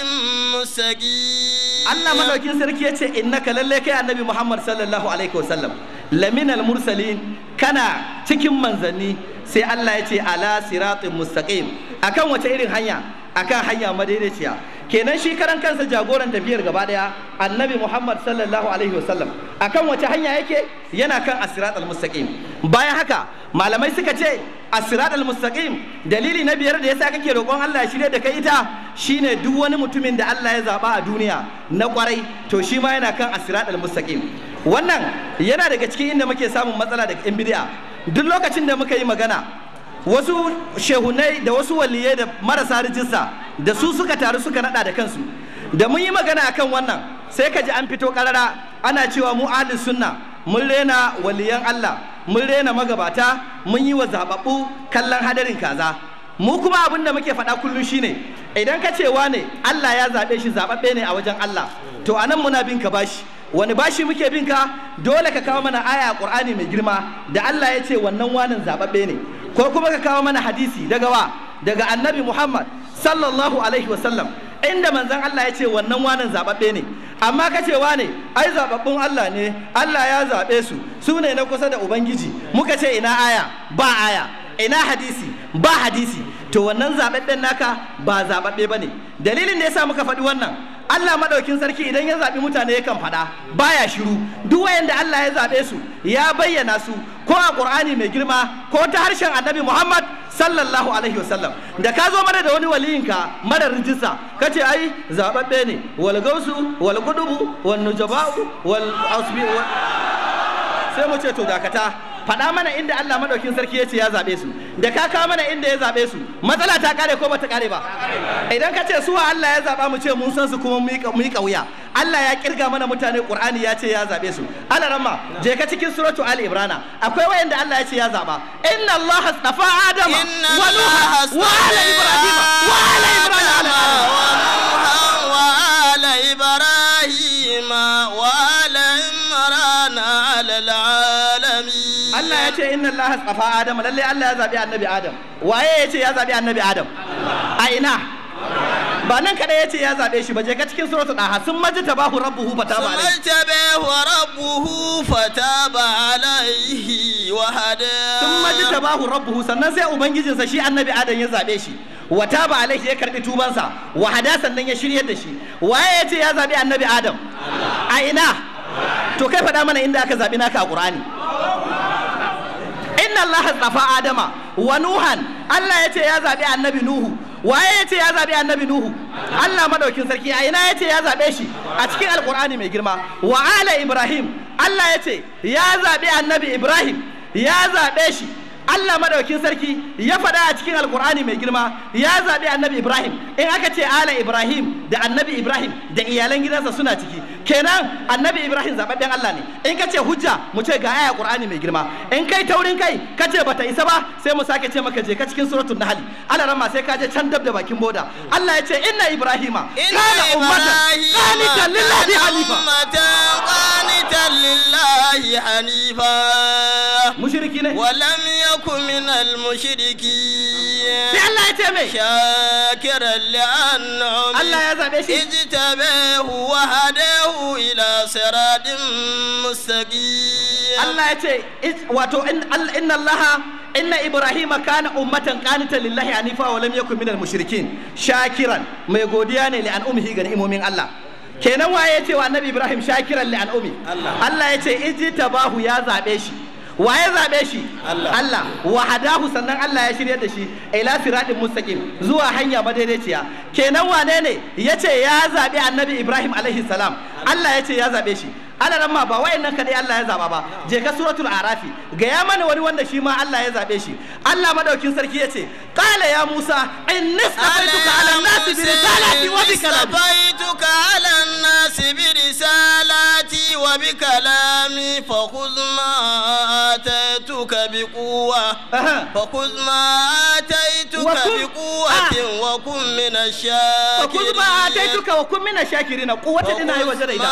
مستقيم Allah madaukin sarki ya ce innaka lalle kai annabi Muhammad sallallahu alaihi wasallam laminal mursalin kana cikin manzanni sai Allah ya ce ala siratin mustaqim akan irin hanya akan hanya madaidaiciya kenan shi karan kansa jagoran tafiyar gaba daya annabi muhammad sallallahu alaihi wasallam akan wace hanya yake yana kan asirat al-mustaqim bayan haka malamai suka ce asirat al-mustaqim dalili na biyar da yasa kake roƙon Allah shi ne da kai ita shine duk wani mutumin da Allah ya zaba a duniya na kwarai to shi ma yana kan asirat al-mustaqim wannan yana daga cikin inda muke samun matsala da yan bid'a duk lokacin da muka yi magana wasu shehunai da wasu waliyai da marasa rijista da su suka taru suka nada da kansu da mun yi magana akan wannan sai ka ji an fito karara ana cewa mu ahlus sunna mun rena waliyan Allah mun rena magabata mun yi wa zababbu kallon hadarin kaza mu kuma abin da muke faɗa kullum shine idan ka cewa ne Allah ya zaɓe shi zaɓaɓɓe ne a wajen Allah to anan muna bin ka bashi wani bashi muke bin ka dole ka kawo mana aya a qur'ani mai girma da Allah ya ce wannan wanin zaɓaɓɓe ne ko kuma ka kawo mana hadisi daga wa daga annabi Muhammad sallallahu alaihi wasallam inda manzon Allah ya ce wannan wanin zaɓaɓɓe ne amma ka ce wane ai zaɓaɓɓun Allah ne Allah ya zaɓe su su ne na kusa da ubangiji muka ce ina aya ba aya ina hadisi ba hadisi to wannan zaɓaɓɓen naka ba zaɓaɓɓe ba ne dalilin da ya sa muka faɗi wannan Allah maɗaukin sarki idan ya zaɓi mutane yakan faɗa baya shiru duk wayanda Allah ya zaɓe su ya bayyana su ko a ƙur'ani mai girma ko ta harshen Annabi Muhammad sallallahu alaihi wasallam da ka zo mana da wani waliyinka mara rijista ka ce, ai zaɓaɓɓe ne wal gausu wal qudubu wal nujaba'u wal asbi sai mu ce to dakata faɗa mana inda Allah madaukin sarki ya ce ya zaɓe su da ka kawo mana inda ya zaɓe su matsala ta kare ko bata kare ba idan ka ce suwa Allah ya zaɓa mu ce mun san su kuma mu yi ƙauya Allah ya kirga mana mutane Qur'ani ya ce ya zaɓe su alarama je ka cikin suratu al ibrana akwai wayanda Allah ya ce ya zaɓa inna Allah adama wa nuha wa ala ibrahima wa ala ibrahima wa ala ibrahima Allah ya ce inna Allah tsafa Adam lalle Allah ya zabi annabi Adam waye ya ce ya zabi annabi Adam a ina ba nan kada ya ce ya zabe shi ba je ga cikin suratul daha sun maji tabahu rabbuhu fataba alaihi sun maji wa rabbuhu fataba alaihi wa hada sun maji tabahu rabbuhu sannan sai ubangijinsa shi annabi Adam ya zabe shi wa taba alaihi ya karbi tubansa wa hada sannan ya shiryar da shi waye ya ce ya zabi annabi Adam a ina to kai faɗa mana inda aka zabi naka a Qur'ani inna allaha tsafa adama wa nuhan allah ya ce ya zaɓi annabi nuhu waye ya ce ya zaɓi annabi nuhu allah maɗaukin sarki a ina ya ce ya zaɓe shi a cikin alkur'ani mai girma wa ala ibrahim allah ya ce ya zaɓi annabi ibrahim ya zaɓe shi Allah madaukin sarki ya faɗa a cikin alkur'ani mai girma ya zaɓi annabi Ibrahim in aka ce ala Ibrahim da annabi Ibrahim da iyalan gidansa suna ciki kenan annabi Ibrahim zaɓaɓɓen Allah ne in ka ce hujja mu ce ga aya Qur'ani mai girma in kai taurin kai ka ce bata isa ba sai mu sake ce maka je ka cikin suratul nahl Allah rama sai ka je can dab da bakin boda Allah ya ce inna Ibrahima kana ummatan qanitan lillahi hanifa qanitan lillahi hanifa mushriki ne aku min sai Allah ya ce mai Allah ya zabe shi Allah ya ce wato inna Allah ibrahima kana ummatan qanita lillahi hanifa wa lam yakun minal mushrikin shakiran mai godiya ne li an umhi ga imomin Allah kenan waye ya ce annabi ibrahim shakiran Allah ya zabe shi wa ya zaɓe shi Allah wa hadahu sannan Allah ya shirya da shi ila siratin mustaqim zuwa hanya madaidaiciya kenan wane ne yace ya zaɓe annabi Ibrahim alaihi salam Allah yace ya zaɓe shi alaran ma ba wayannan kadai Allah ya zaba ba je ka suratul arafi ga ya mana wani wanda shi ma Allah ya zabe shi Allah madaukin sarki yace qala ya musa inni sabaituka ala nasi bi risalati wa bi kalami sabaituka ala nasi bi risalati wa bi kalami fa khudh ma Kwa Kusma ataituka biƙu ah! wajen wakummi na Shakira yanzu. Kwa Kusma ataituka wakummi na Shakira yanzu. Kwa Kusma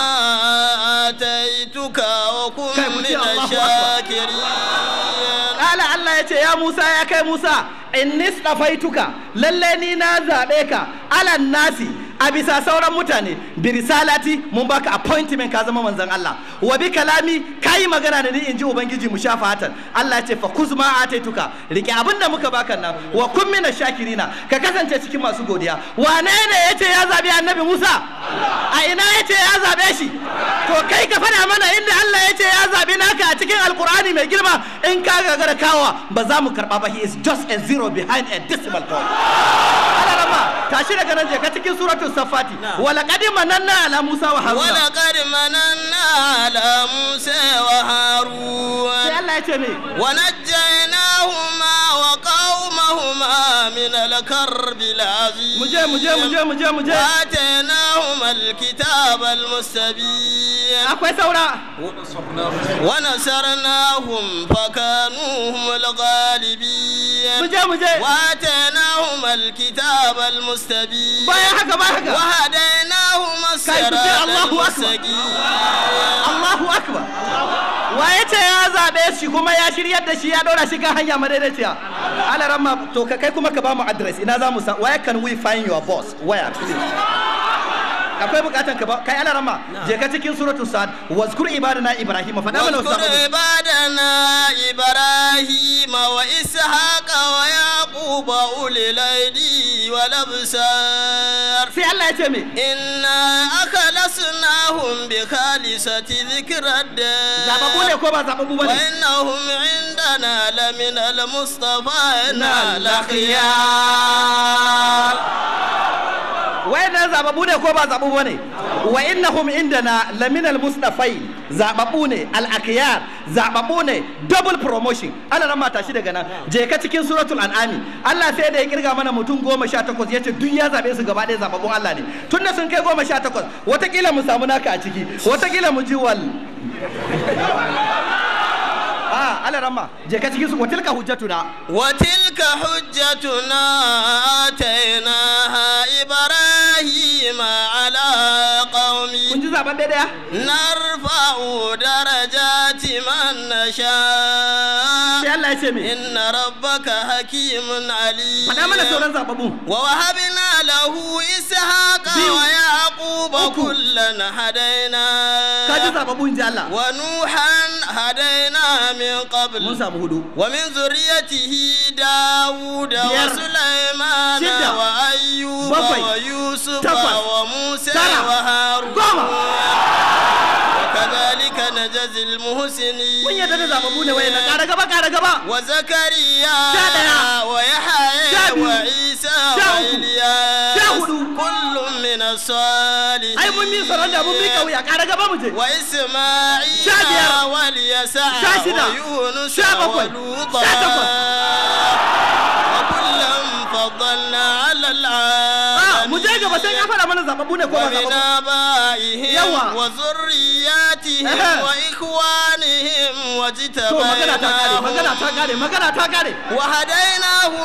ataituka wakummi na Shakira yanzu. Ya'yana Allah yace "Ya Musa! Ya kai Musa!" in da faituka!" "Lallai ni na zaɓe ka!" "Alan, nasi!" a bisa sauran mutane birisalati mun baka appointment ka zama manzon Allah wa bi kalami kai magana da ni in inji ubangiji mu shafa hatan Allah ya ce fa kuzma ataituka rike abin da muka baka nan wa kun mina shakirina ka kasance cikin masu godiya wane ne yace ya zabi annabi Musa a ina yace ya zabe shi to kai ka fada mana inda Allah ya ce ya zabi naka a cikin alkur'ani mai girma in ka gagara kawa ba za mu karba ba he is just a zero behind a decimal point Allah rama tashi daga nan je ka cikin suratul الصفات ولقد مننا على موسى وهارون ولقد مننا على موسى وهارون ونجيناهما وقومهما من الكرب العظيم مجي وآتيناهما الكتاب المستبين ونصرناهم فكانوا هم الغالبين مجي وآتيناهما الكتاب المستبين بايا حكا بايا haka wahadainahuma sirata Allahu akbar Allahu akbar waye ce ya zabe shi kuma ya shiryar da shi ya dora shi kan hanya madaidaiciya alaramma to kai kuma ka ba mu address ina za mu sa where can we find your boss where please akwai bukatan ka kai ala ramma je ka cikin suratul sad wazkur ibadana ibrahim fa dama wazkur ibadana ibrahim wa ishaqa wa yaqub ulil aidi wa absar sai Allah ya ce me inna akhlasnahum bi khalisati dhikrad zababu ne ko ba zababu bane wa innahum indana lamina al mustafa na lakhiyar waɗannan zababu ne ko ba zabu ba ne wa innahum indana laminal mustafai zababu ne al-akiyar zababu ne double promotion Allah ran mata shi daga nan je ka cikin suratul an'ami Allah sai da ya kirga mana mutum goma sha takwas ya ce duk ya zabe su gaba ɗaya zababun Allah ne tun da sun kai goma sha takwas watakila mu samu naka a ciki watakila mu ji wal Ah, a rama je ka cikin su wa tilka hujjatuna wa tilka hujjatuna ataina ibrahima ala qaumi kun ji zaben daya narfa'u darajati man nasha sai Allah ya ce me inna rabbaka hakimun alim fada mana sauran zababu wa wahabna lahu ishaq biyu wa ya ƙuba kullum hadaina ka ji zaɓa bun ji Allah mun samu hudu wa min zuriyatihi dawud wa sulaiman wa ayyuba yusuf wa musa wa نجزي المحسنين من يدد زاببون وين قال غبا قال غبا وزكريا ويحيى وعيسى وإلياس كل من الصالحين أي من مين صلى الله عليه وسلم قال غبا مجي وإسماعيل واليسع ويونس ولوطا وكلا فضلنا على العالمين مجاجة بس أنا أفعل أمانا زبابونة كوما زبابونة ومن آبائهم وذرياتهم وإخوانهم واجتبيناهم وهديناهم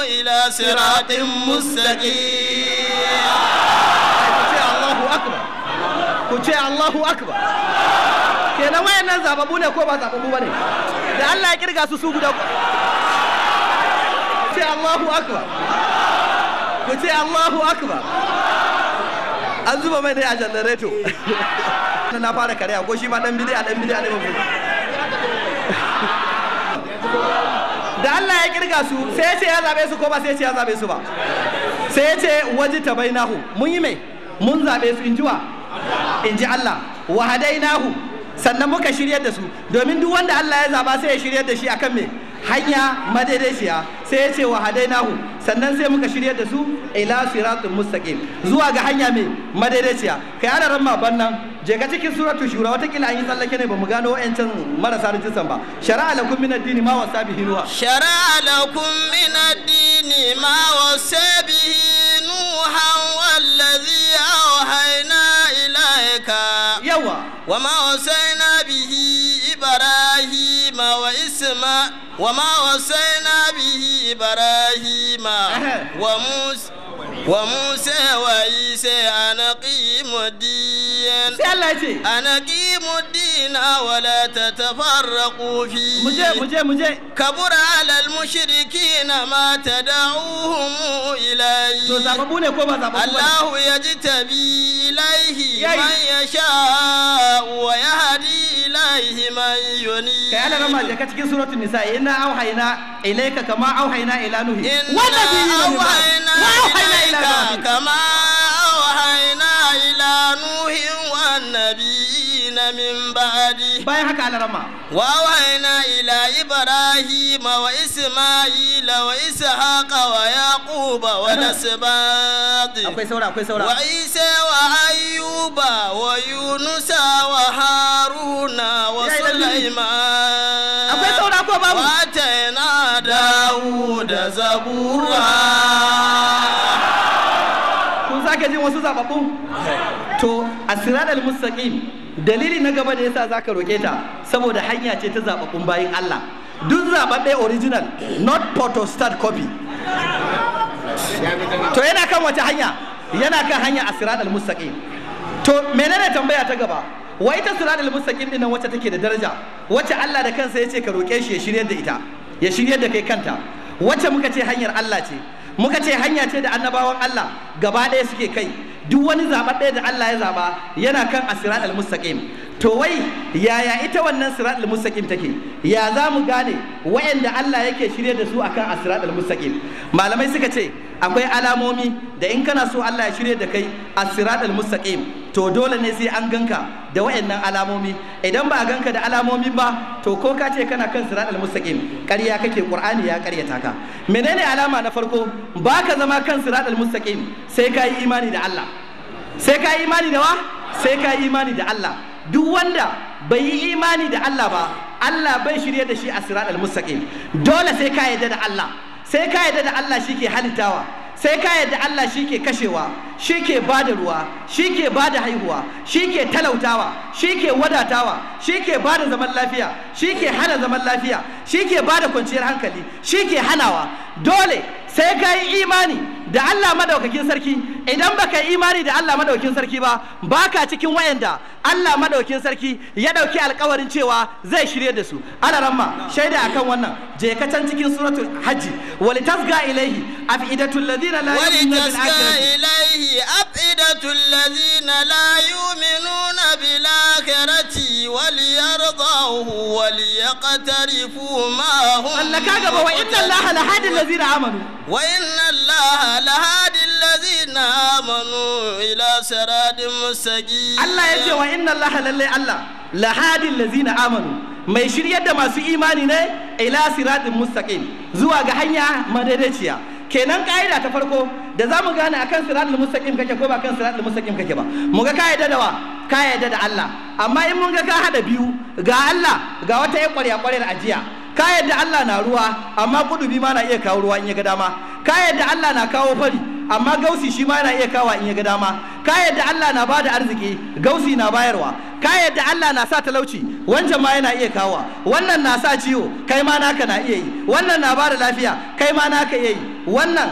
إلى صراط مستقيم الله أكبر كتير الله أكبر kenan wayannan zababbu ne ko ba zababbu ba ne da Allah ya kirga su su guda Allahu akbar ku Allahu akbar an zuba mai ne a janareto na na fara karya ko shi ma dan a dan a dan bidi da Allah ya kirga su sai ya ce ya zabe su ko ba sai ya ce ya zabe su ba sai ya ce waji nahu mun yi mai mun zabe su in ji wa in ji Allah wa hadainahu sannan muka shiryar da su domin duk wanda Allah ya zaba sai ya shiryar da shi akan me hanya madaidaiciya sai ya ce wa hadainahu sannan sai muka shiryar da su ila siratul mustaqim zuwa ga hanya mai madaidaiciya kai ana ran ma nan je ga cikin suratul shura wata kila an yi tsallake ne bamu gano wayancan marasa rijistan ba shari'a lakum min ad-dini ma wasa bihi nuha shari'a lakum min ad-dini ma wasa bihi نوحا والذي أوحينا إليك يوا وما وصينا به إبراهيم وإسماعيل وما وصينا به إبراهيم وموسى وموسى وعيسى أن أقيموا الدين أن أقيموا الدين ولا تتفرقوا فيه مجي مجي مجي كبر على المشركين ما تدعوهم إليه الله يجتبي إليه من يشاء ويهدي إليه من ينيب كأنا لما جاءت سورة النساء إنا أوحينا إليك كما أوحينا إلى نوح والذين من بعد إليك كما أوحينا إلى نوح والنبي الذين من بعده ووهنا إلى إبراهيم وإسماعيل وإسحاق ويعقوب والأسباط وعيسى وأيوب ويونس وهارون وسليمان وآتينا داود زبورا kun sake jin wasu zababbun to asiradal mustaqim dalili na gaba da yasa zaka roke ta saboda hanya ce ta zababbun bayin Allah duk zababbe original not start copy to yana kan wace hanya yana kan hanya asiradal mustaqim to menene tambaya ta gaba wa ita siradal mustaqim din nan wacce take da daraja wacce Allah da kansa yace ka roke shi ya shiryar da ita ya shiryar da kai kanta wacce muka ce hanyar Allah ce muka ce hanya ce da annabawan Allah gaba ɗaya suke kai duk wani ɗaya da Allah ya zaɓa yana kan sirat al-mustaqim to wai yaya ita wannan sirat al-mustaqim take ya za mu gane wayanda Allah yake shirye da su akan sirat al-mustaqim malamai suka ce akwai alamomi da in kana so Allah ya shirye da kai sirat al-mustaqim to dole ne sai an ganka da wayannan alamomi idan ba a ganka da alamomi ba to ko ka ce kana kan sirat al-mustaqim ƙarya kake qur'ani ya ƙaryata ka menene alama na farko baka zama kan sirat al-mustaqim sai ka yi imani da Allah sai ka yi imani da wa sai ka yi imani da Allah duk wanda bai yi imani da Allah ba Allah bai shirye da shi a al mustaqim dole sai ka yarda da Allah sai ka yarda da Allah shi ke halittawa sai ka yarda Allah shi ke kashewa shi bada ruwa shike ke bada haihuwa shike talautawa shike wadatawa shike bada zaman lafiya shike hana zaman lafiya shike bada kwanciyar hankali shike hanawa dole sai ka yi imani da Allah madaukakin sarki idan baka yi imani da Allah madaukakin sarki ba baka cikin wayanda Allah madaukakin sarki ya dauki alkawarin cewa zai shirye da su ala ramma shaida akan wannan je ka can cikin suratul hajji walitasga ilaihi afidatul ladina la yu'minuna bil akhirati ilaihi afidatul ladina la yu'minuna bil akhirati waliyardahu waliyaqtarifu ma hum Allah kaga ba wa inna Allah la hadil ladina amanu wa inna Allah وعلى هاد الذين آمنوا إلى صراط مستقيم الله lahadin وإن الله للي الله الذين آمنوا mai shiryar da masu imani ne ila siratin mustaqim zuwa ga hanya madadaciya kenan ka'ida ta farko da za mu gane akan siratul mustaqim kake ko ba kan siratul mustaqim kake ba mu ga ka'ida da wa ka'ida da Allah amma in mun ga ka hada biyu ga Allah ga wata ya ƙwarya a ajiya ka yadda Allah na ruwa amma kudubi ma na iya kawo ruwa in ya ga dama ka yadda Allah na kawo fari amma gausi shi ma yana iya kawa in ya ga dama ka yadda Allah na bada arziki gausi na bayarwa ka yadda Allah na sa talauci wancan ma yana iya kawa wannan na sa ciwo kai ma naka na iya yi wannan na bada lafiya kai ma naka iya yi wannan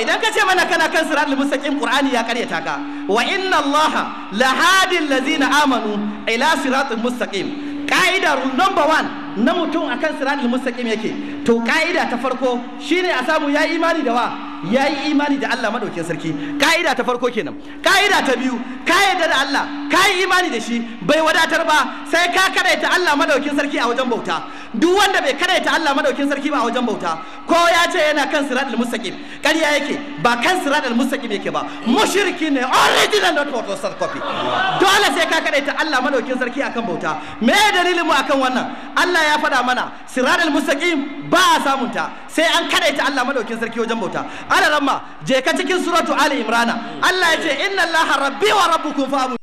idan ka ce mana kana kan siratul mustaqim qur'ani ya karyata ka wa inna allaha lahadil ladina amanu ila siratul mustaqim ka'ida rule number one na mutum akan siratul mustaqim yake to ka'ida ta farko shine a samu ya imani da wa ya yi imani da Allah maɗaukin sarki ka'ida ta farko kenan ka'ida ta biyu ka yarda da Allah ka yi imani da shi bai wadatar ba sai ka karaita Allah maɗaukin sarki a wajen bauta duk wanda bai karaita Allah maɗaukin sarki ba a wajen bauta ko ya ce yana kan siratul mustaqim ƙarya yake ba kan siratul mustaqim yake ba mushriki ne original not photostat copy dole sai ka karaita Allah maɗaukin sarki akan bauta me dalilin mu akan wannan Allah ya faɗa mana siratul mustaqim ba a samunta sai an karaita Allah maɗaukin sarki wajen bauta ana ramma je ka cikin suratu ali imrana Allah ya ce inna allaha rabbi wa rabbukum fa'budu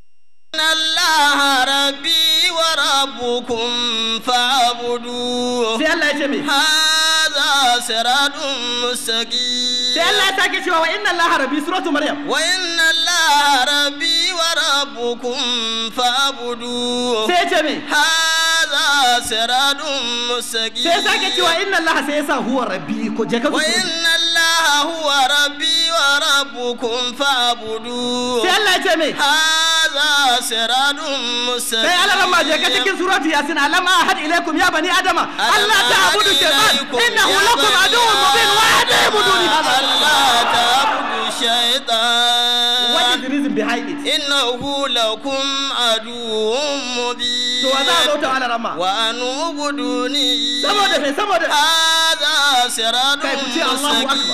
inna allaha rabbi wa rabbukum fa'budu sai Allah ya ce me hadha siratun mustaqim sai Allah ya take cewa wa inna allaha rabbi suratu maryam wa inna allaha rabbi wa rabbukum fa'budu sai ce me hadha siratun mustaqim sai sake cewa inna allaha sai ya sa huwa rabbi ko je ka wa inna ilaha huwa rabbi wa rabbukum fa'budu sai Allah ya ce me hadha siratun mustaqim sai Allah ma je ka cikin suratu yasin alam ahad ilaikum ya bani adama Allah ta'budu shaytan innahu lakum aduwwun mubin wa what is the reason behind it innahu lakum aduwwun wa za a bauta ala rama wa an ubuduni saboda me saboda hada siratun kai ku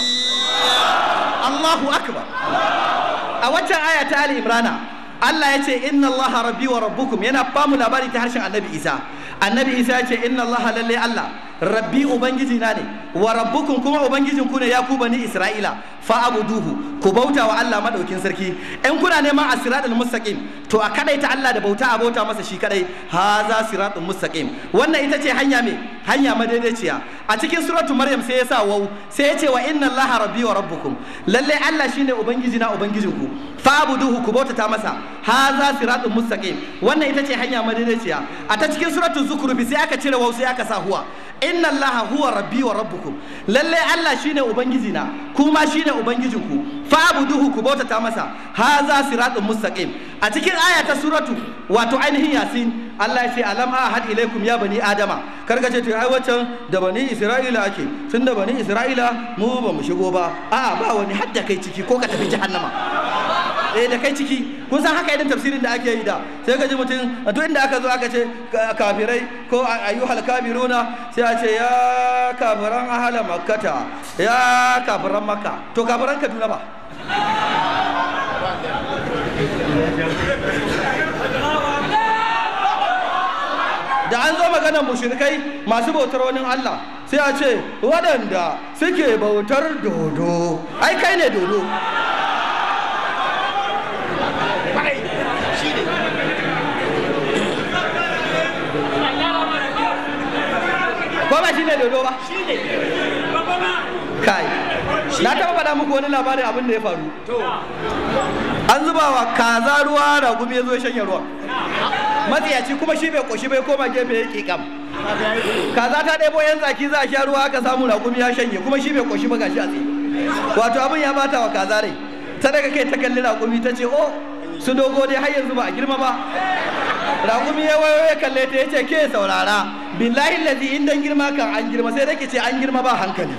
Allahu akbar Allahu akbar a waccan aya ta Ali Imrana Allah ya ce inna Allah rabbi wa rabbukum yana famu mu labari ta harshen Annabi Isa Annabi Isa ya ce inna Allah lalle Allah rabbi ubangiji na ne wa rabbukun kuma ubangijin ku ne ya ku bani isra'ila fa abuduhu ku bauta wa Allah madaukin sarki in kuna neman asiratul mustaqim to a kadaita Allah da bauta a bauta masa shi kadai haza siratul mustaqim wannan ita ce hanya me hanya madaidaiciya a cikin suratul maryam sai ya sa wau sai ya ce wa inna allaha rabbi wa rabbukum lalle Allah shine ubangiji na ubangijin ku fa abuduhu ku ta masa haza siratul mustaqim wannan ita ce hanya madaidaiciya a ta cikin suratu zukhruf sai aka cire wau sai aka sa huwa inna allaha huwa rabbi wa rabbukum lalle allah shine ubangiji na kuma shine ubangijin ku fa abuduhu ku bauta ta masa haza siratul mustaqim a cikin aya ta suratu wato ainihin yasin allah ya ce alam ahad ilaikum ya bani adama karkace to ai waccan da bani isra'ila ake tun da bani isra'ila mu ba mu shigo ba a ba wani hadda kai ciki ko ka tafi jahannama eh da kai ciki kun san haka irin tafsirin da ake yi da sai ka ji mutum duk inda aka zo aka ce kafirai ko ayyuhal kafiruna sai a ce ya kafiran ahala makkata ya kafiran makka to kafiran kaduna ba da an zo maganar mushrikai masu bautar wani Allah sai a ce waɗanda suke bautar dodo ai kai ne dodo ko ba shi ne dodo ba shine kai na taba faɗa muku wani labarin abin da ya faru an zuba wa kaza ruwa ragumi ya zo shanye ruwa matsiyaci kuma shi bai koshi bai koma gefe ya kam. kaza ta ɗebo yan zaki za a sha ruwa aka samu ragumi ya shanye kuma shi bai koshi ba gashi a tsaye wato abin ya bata wa kaza rai ta daga kai ta kalli raƙumi ta ce oh su dogo dai har yanzu ba a girma ba raƙumi ya wayo ya kalle ta ya ce ke saurara billahi lazi indan girma kan an girma sai dake ce an girma ba hankali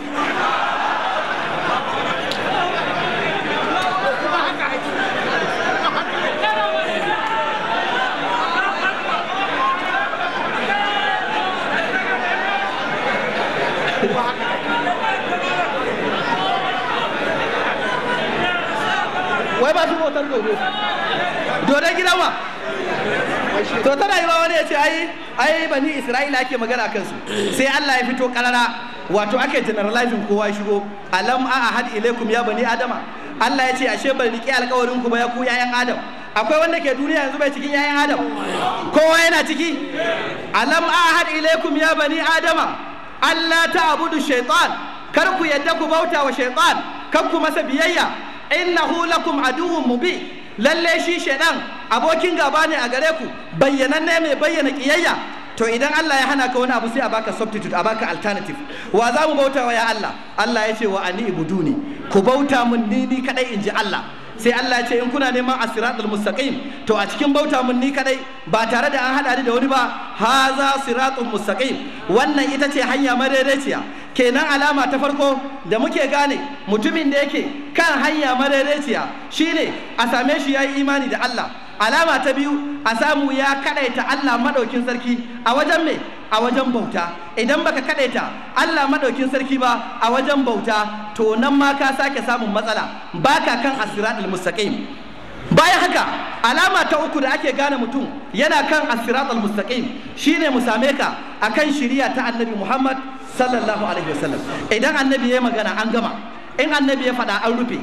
wai ba su motar dodo dole gidan wa to tana yi wani ya ce ai ai bani isra'ila ake magana kansu sai allah ya fito karara wato ake generalizing kowa shigo alam a ahad ilaikum ya bani adama allah ya ce ashe ban riƙe alƙawarin ku ba ya ku yayan adam akwai wanda ke duniya yanzu bai cikin yayan adam kowa yana ciki alam a ahad ilaikum ya bani adama allah ta abudu shaitan kar ku yadda ku bauta wa shaitan kar ku masa biyayya innahu lakum aduwwun mubin lalle shi shaidan abokin gaba ne a gare ku bayyananne mai bayyana kiyayya to idan Allah ya hana ka wani abu sai a baka substitute a baka alternative wa za mu bauta wa ya Allah Allah ya ce wa ani ibuduni ku bauta mun ni ni kadai inji Allah sai Allah ya ce in kuna neman asiratul mustaqim to a cikin bauta mun ni kadai ba tare da an hada da wani ba haza siratul mustaqim wannan ita ce hanya madaidaiciya kenan alama ta farko da muke gane mutumin da yake kan hanya madaidaiciya shine a same shi ya yi imani da Allah alama ta biyu a samu ya kadaita Allah madaukin sarki a wajen me a wajen bauta idan baka kadaita Allah madaukin sarki ba a wajen bauta to nan ma ka sake samun matsala baka kan asiratul mustaqim bayan haka alama ta uku da ake gane mutum yana kan asirat al-mustaqim shine mu same ka akan shiriya ta annabi Muhammad sallallahu alaihi wasallam idan annabi ya magana an gama in annabi ya faɗa an rufe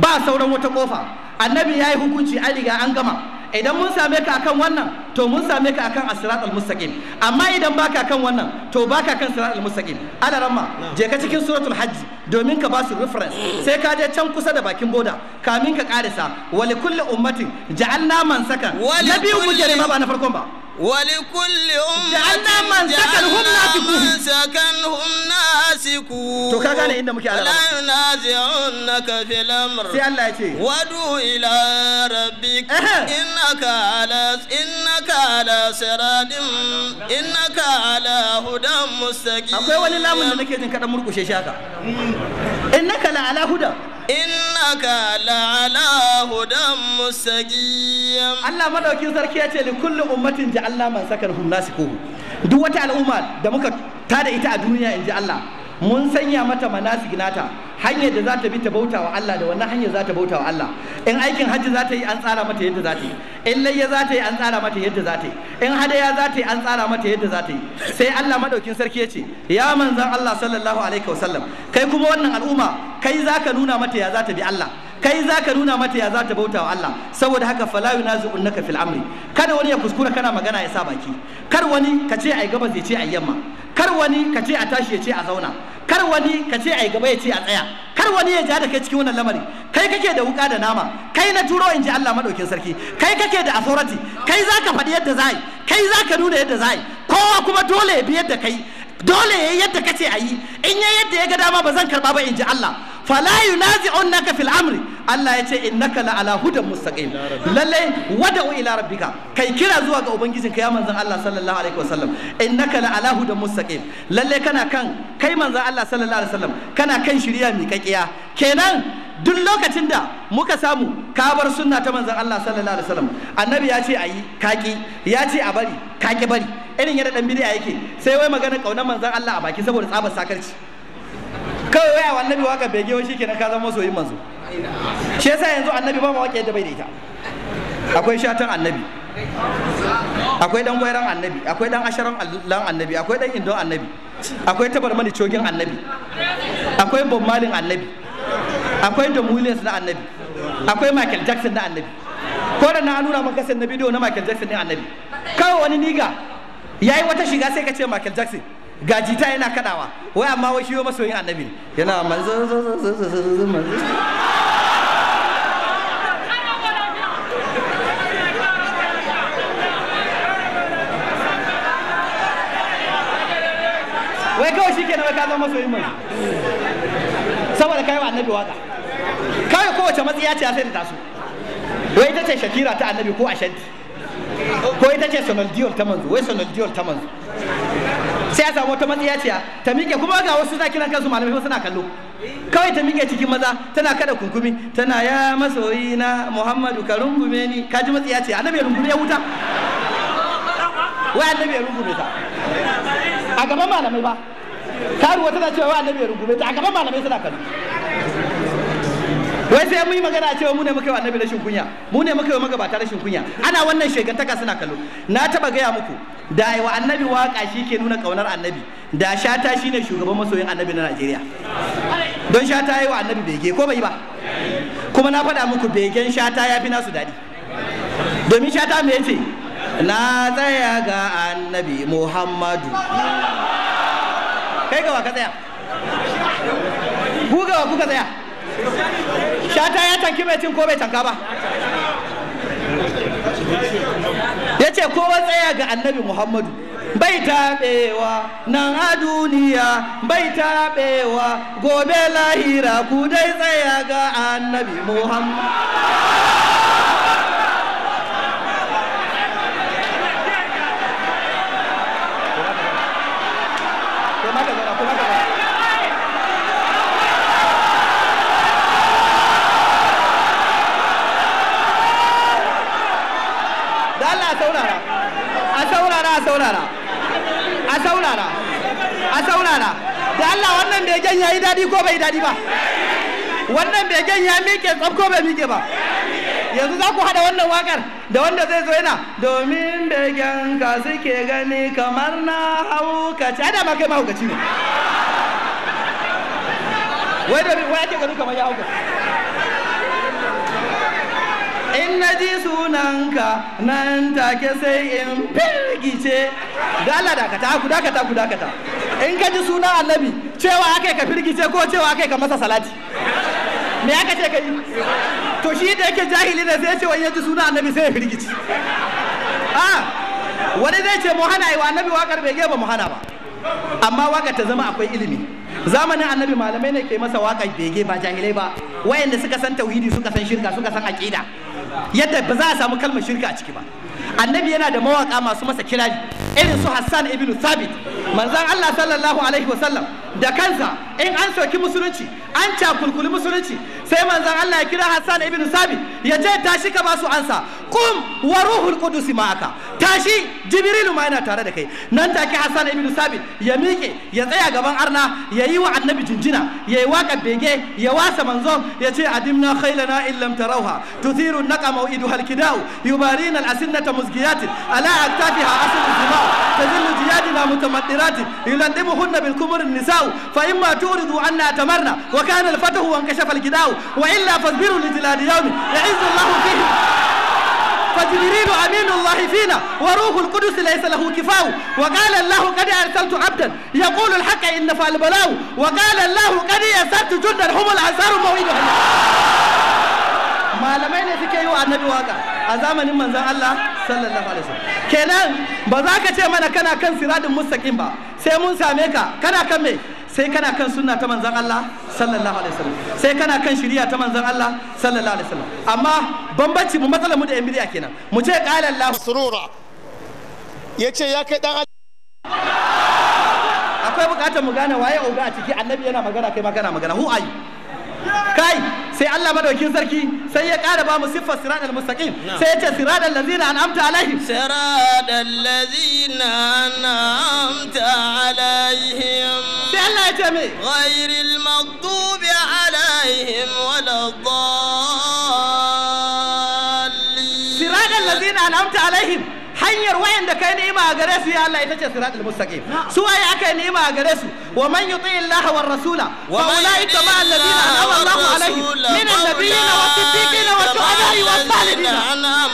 ba sauran wata kofa annabi ya yi hukunci an riga an gama idan mun same ka akan wannan to mun same ka akan asirat al mustaqim amma idan baka kan wannan to baka kan al mustaqim ala ramma je ka cikin suratul hajj domin ka ba su reference sai ka je can kusa da bakin boda kamin ka karisa wa likulli ummatin ja'alna man saka nabi mujrima ba na farkon ba ولكل أمة جعلنا منسكنهم ناسكوه منسكنهم ناسكوه تو كاغانا إندا مكي على لا ينازعنك في الأمر سي الله يتي ودو إلى ربك إنك على إنك على صراط إنك على هدى مستقيم أكوي ولي لامن نكي تنكتا مرقو شيشاكا innaka la ala hudan innaka Sarki ala hudan mustaqim Allah madaukin sarki yace li kulli ummatin ja'alna man sakanhum nasikuhu duk wata al'umma da muka tada ita a duniya inji Allah mun sanya mata manasik nata hanyar da za ta bi ta bauta wa Allah da wannan hanyar za ta bauta wa Allah in aikin hajji za ta yi an tsara mata yadda za ta yi in layya za ta yi an tsara mata yadda za ta yi in hadaya za ta yi an tsara mata yadda za ta yi sai Allah madaukin sarki ya ce ya manzan Allah sallallahu alaihi wasallam kai kuma wannan al'umma kai zaka nuna mata ya za ta bi Allah kai za ka nuna mata ya za ta bauta wa Allah saboda haka fala yunazi'unnaka fil amri kada wani ya kuskura kana magana ya sa baki kar wani ka ce ai gabas ya ce a yamma kar wani ka ce a tashi ya ce a zauna kar wani ka ce ai gaba ya ce a tsaya kar wani ya ja da kai cikin wannan lamari kai kake da wuka da nama kai na turo in ji Allah madaukin sarki kai kake da authority kai za ka faɗi yadda za kai za ka nuna yadda za kowa kuma dole ya bi yadda kai dole ya yadda kace a yi in ya yadda ya ga dama ba zan karɓa ba in ji Allah fala naka fil amri Allah ya ce innaka la ala hudan mustaqim lalle wada'u ila rabbika kai kira zuwa ga ka ya manzon Allah sallallahu alaihi wasallam innaka la ala hudan mustaqim lalle kana kan kai manzon Allah sallallahu alaihi wasallam kana kan shiriya mi kakiya kenan duk lokacin da muka samu ka bar sunna ta manzon Allah sallallahu alaihi wasallam annabi ya ce ayi kaki ya ce a bari kaki bari irin yadda dan bidiya yake sai wai magana kaunar manzon Allah a baki saboda tsabar sakarci kawai waya wa annabi waka bege wai shikenan ka zama masoyin manzo shi yasa yanzu annabi ba ma mawaki yadda bai da ita akwai shatan annabi akwai dan gwairan annabi akwai dan asharan lan annabi akwai dan indon annabi akwai tabar mani cogin annabi akwai bob malin annabi akwai don williams na annabi akwai michael jackson na annabi ko da na nuna maka sannan bidiyo na michael jackson na annabi kawai wani niga yayi wata shiga sai ka ce michael jackson ga ta yana kadawa wai amma wai shi yo masoyin annabi yana manzo manzo wai kawai shi kenan wai ka zama masoyin manzo saboda kai wa annabi waka kawai kowace matsiya ce sai ta taso wai ita ce shakira ta annabi ko ashanti ko ita ce sonal dior ta manzo wai sonal dior ta manzo sai ya samu wata matsiyaciya ta miƙe kuma ga wasu za kiran kansu malamai kuma suna kallo kawai ta miƙe cikin maza tana kada kunkumi tana ya masoyi na muhammadu ka rungume ni ka ji matsiyaciya annabi ya rungume ya wuta wai annabi ya rungume ta a gaban malamai ba karuwa tana cewa wai annabi ya rungume ta a gaban malamai suna kallo wai sai mun yi magana cewa mu ne muka yi annabi rashin kunya mu ne muka yi magabata rashin kunya ana wannan shegantaka suna kallo na taba gaya muku da aiwa annabi waka shi ke nuna kaunar annabi da shata shi ne shugaban masoyin annabi na najeriya don shata yi wa annabi bege ko bai ba kuma na faɗa muku begen shata ya fi nasu daɗi domin shata me ce na tsaya ga annabi muhammadu kai gawa ka tsaya ku gawa kuka tsaya shata ya tanki mai cin ko bai tanka ba ya ce kowa tsaya ga annabi muhammadu bai taɓewa nan a duniya bai taɓewa gobe lahira ku dai tsaya ga annabi muhammadu saurara a saurara a saurara da Allah wannan begen ya yi daɗi ko bai daɗi ba wannan begen ya miƙe tsab ko bai miƙe ba yanzu za ku haɗa wannan wakar da wanda zai zo yana domin begen ka suke gani kamar na haukaci ana ma kai mahaukaci ne wai da wai ake gani kamar ya haukaci in na ji sunanka nan take sai in firgice da Allah dakata ku dakata ku dakata in ka ji sunan annabi cewa akai ka firgice ko cewa akai ka masa salati me aka ce ka yi to shi da yake jahili da sai ce wai ya ji sunan annabi sai ya firgice a wani zai ce Muhana hana yi wa annabi wakar bai ba muhana ba amma waka ta zama akwai ilimi zamanin annabi malamai ne ke masa waka bege ba jahilai ba wayanda suka san tauhidi suka san shirka suka san aqida yadda ba za a samu kalmar shirka a ciki ba annabi yana da mawaka masu masa kirari irin su hassan ibn thabit manzan Allah sallallahu alaihi wasallam da kansa in an soki musulunci an cakulkuli musulunci sai manzan Allah ya kira Hassan ibn Sabi ya ce tashi ka basu ansa kum wa ruhul qudus ma'aka tashi jibrilu ma yana tare da kai nan take Hassan ibn Sabi ya miƙe ya tsaya gaban arna ya yi wa annabi jinjina ya yi waka bege ya wasa manzo ya ce adimna khailana illam lam tarauha tuthiru naqa maw'idu halkidau yubarina al-asinnata muzgiyatin ala aktafiha asl al-jima tazillu jiyadina mutamaddira الصالحات يلندبهن بالكمر النساء فإما تعرضوا عنا تمرنا وكان الفتح وانكشف الكداء وإلا فاصبروا لجلال يوم يعز الله فيه فجبريل أمين الله فينا وروح القدس ليس له كفاء وقال الله قد أرسلت عبدا يقول الحق إن فعل بلاو وقال الله قد أرسلت جندا هم الأنصار موعدهم malamai ne suke yi wa annabi waka a zamanin manzon Allah sallallahu alaihi wasallam kenan ba za ka ce mana kana kan siradin mustaqim ba sai mun same ka kana kan me sai kana kan sunna ta manzon Allah sallallahu alaihi wasallam sai kana kan shari'a ta manzon Allah sallallahu alaihi wasallam amma bambanci mu matsalar mu da yan kenan mu ce qala Allah surura yace ya kai dan akwai bukatar mu gane waye oga a ciki annabi yana magana kai magana magana hu ayi. kai sai Allah madaukin sarki sai ya ƙara ba mu siffar siratal mustaqim sai ya ce siratal ladzina an'amta alaihim siratal ladzina an'amta alaihim sai Allah ya ce me ghairil maghdubi alaihim waladdallin siratal ladzina an'amta alaihim hanyar wayanda kai ni'ima a gare su ya Allah ita ce siratul mustaqim su waye aka yi ni'ima a gare su wa man yuti Allah war rasula wa ulaika ma alladhina an'ama Allahu alaihim min an-nabiyyin wa siddiqin wa shuhada'i wa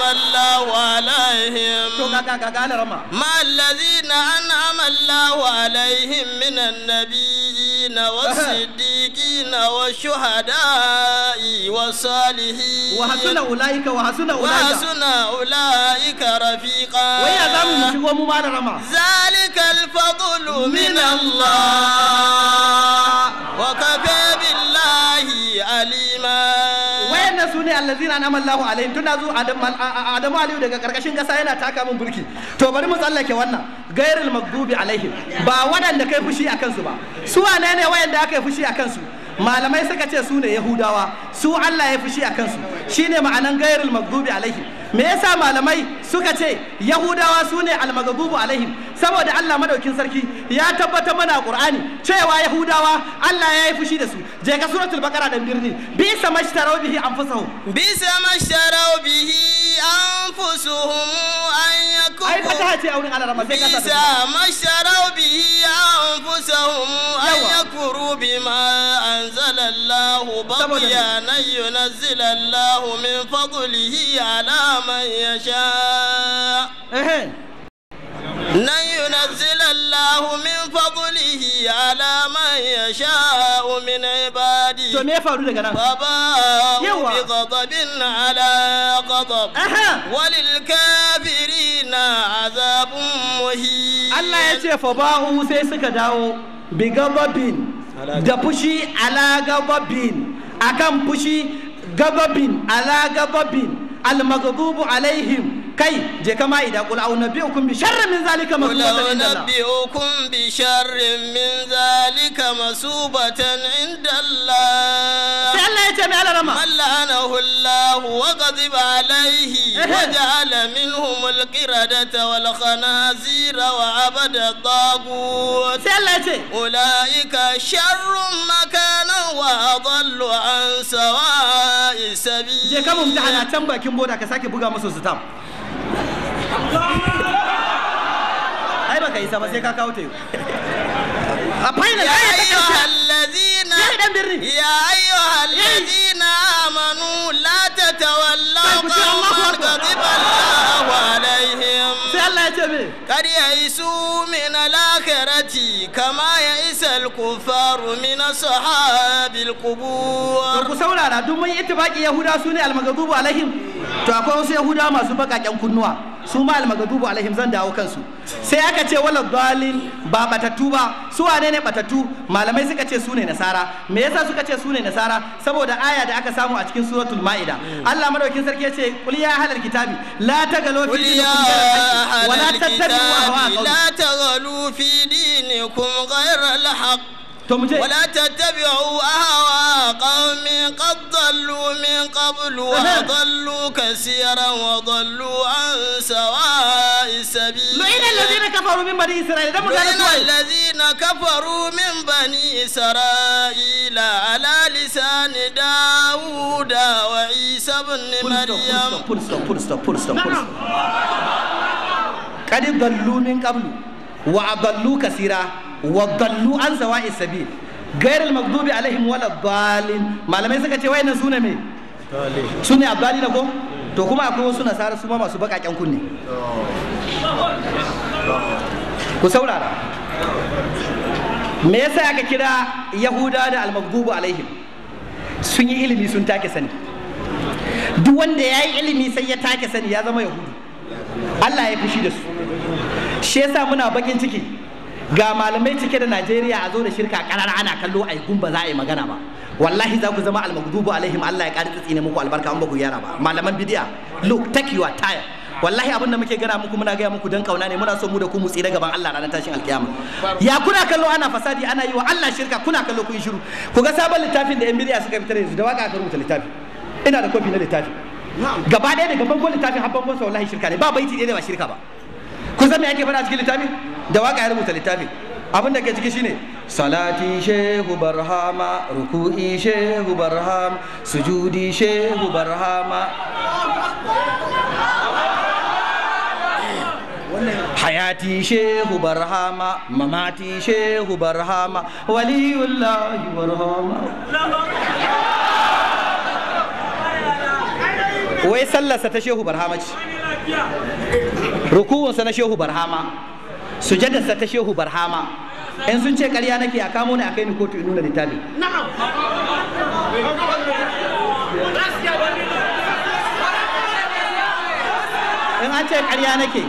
salihin an'ama Allahu alaihim to ga ga ga rama ma alladhina an'ama Allahu alaihim min an-nabiyyin wa siddiqin wa shuhada'i wa salihin wa hasuna ulaika wa hasuna ulaika wa hasuna ulaika rafiqa العقاب ذلك الفضل من الله وكفى بالله عليما wayannan su ne allazina an'ama Allahu alaihim tunda Adamu Aliyu daga karkashin kasa yana taka min burki to bari mu tsallake wannan gairul maghdubi alaihim ba wadanda kai fushi akan su ba su wane ne wayanda aka yi fushi akan su malamai suka ce su ne yahudawa su allah ya fushi a kansu shine ma'anan gairul magdubi alaihim me yasa malamai suka ce yahudawa su ne almagagubu alaihim saboda Allah madaukin sarki ya tabbata mana Qur'ani cewa Yahudawa Allah ya yi fushi da su je ka suratul baqara dan birni Bisa samashtaraw bihi anfusahum Bisa samashtaraw bihi anfusuhum an yakun ai fataha ce aurin Allah rama sai ka Bisa samashtaraw bihi anfusahum an yakuru bima anzala Allah baghyanan yunazzila Allah min fadlihi ala man yasha لن ينزل الله من فضله على من يشاء من عباده فباءوا بغضب على غضب وللكافرين عذاب مهين الله يتي فباءوا سيسك داو بغضب da fushi ala gababin akan fushi gababin ala gababin almagdubu alaihim kai je kama ida kul au nabiyukum bi sharrin min zalika masubatan inda Allah nabiyukum bi sharrin min zalika masubatan inda Allah sai Allah ya ce mai alarama mallanahu Allah wa ghadiba alaihi wa ja'ala minhum alqiradata wal khanazira wa abada tagut sai Allah ya ce ulaika sharrun makana wa adallu an sawa'i sabi je ka mumtahana can bakin boda ka sake buga musu su tam ai baka isa ba sai ka kawo ta a final ya ayyuha allazina ya ayyuha allazina amanu la tatawallaw qawman alaihim sai Allah ya ce me kar yaisu min al kama yaisa al-kuffaru min ashabil qubur ku saurara duk mun ittifaqi yahuda sune alaihim to akwai wasu yahuda masu bakaken kunnuwa su ma almagadubu alaihim zan dawo kansu sai aka ce wala dalil ba batattu ba su wane ne batattu malamai suka ce su nasara me yasa suka ce su ne nasara saboda aya da aka samu a cikin suratul maida Allah madaukin sarki yace qul ya halal kitabi la tagalu fi dinikum wa la tattabi'u ahwa la tagalu fi dinikum ghayra al-haqq to mu je wala tattabi'u ahwa qaumin qad dallu min qablu wa dallu kaseeran wa dallu an sawa'i sabil lu'ina alladhina kafaru min bani isra'ila da mutane su alladhina kafaru min bani isra'ila ala lisani dauda wa isa ibn maryam full stop full stop full stop full stop qad dallu min qablu wa adallu kaseeran wadallu an sawa'i sabil gairul maghdubi alaihim wala dalin malamai suka ce wayannan sune me sune na ko to kuma akwai wasu nasara su ma masu bakakken kunne ku saurara me yasa aka kira yahuda da almaghdubu alaihim sun yi ilimi sun take sani duk wanda ya yi ilimi sai ya take sani ya zama yahudu Allah ya fushi da su shi yasa muna bakin ciki ga malamai cike da Najeriya a zo da shirka karar ana kallo a gun ba za a yi magana ba wallahi za ku zama almagdubu alaihim Allah ya ƙara ne muku albarka an ba ku yara ba malaman bidiya look take your time wallahi abin da muke gana muku muna gaya muku dan kauna ne muna so mu da ku mu tsira gaban Allah ranar tashin alkiyama ya kuna kallo ana fasadi ana yi wa Allah shirka kuna kallo kun shiru ku ga sabon littafin da yan bidiya suka fitar yanzu da waka aka rubuta littafi ina da kofi na littafi gaba ɗaya daga bangon littafin har bangon wallahi shirka ne ba baiti ɗaya da ba shirka ba kun san me ake faɗa cikin littafin da waka ya rubuta littafin abin da ke ciki shine salati shehu barhama ruku'i shehu barham sujudi shehu barhama hayati shehu barhama mamati shehu barhama waliyullahi barhama wai sallarsa ta shehu barhama ce rukuwansa na shehu barhama sujadarsa ta shehu barhama in sun ce karya nake a kamo ni a kai ni kotu in nuna littafi in an ce karya nake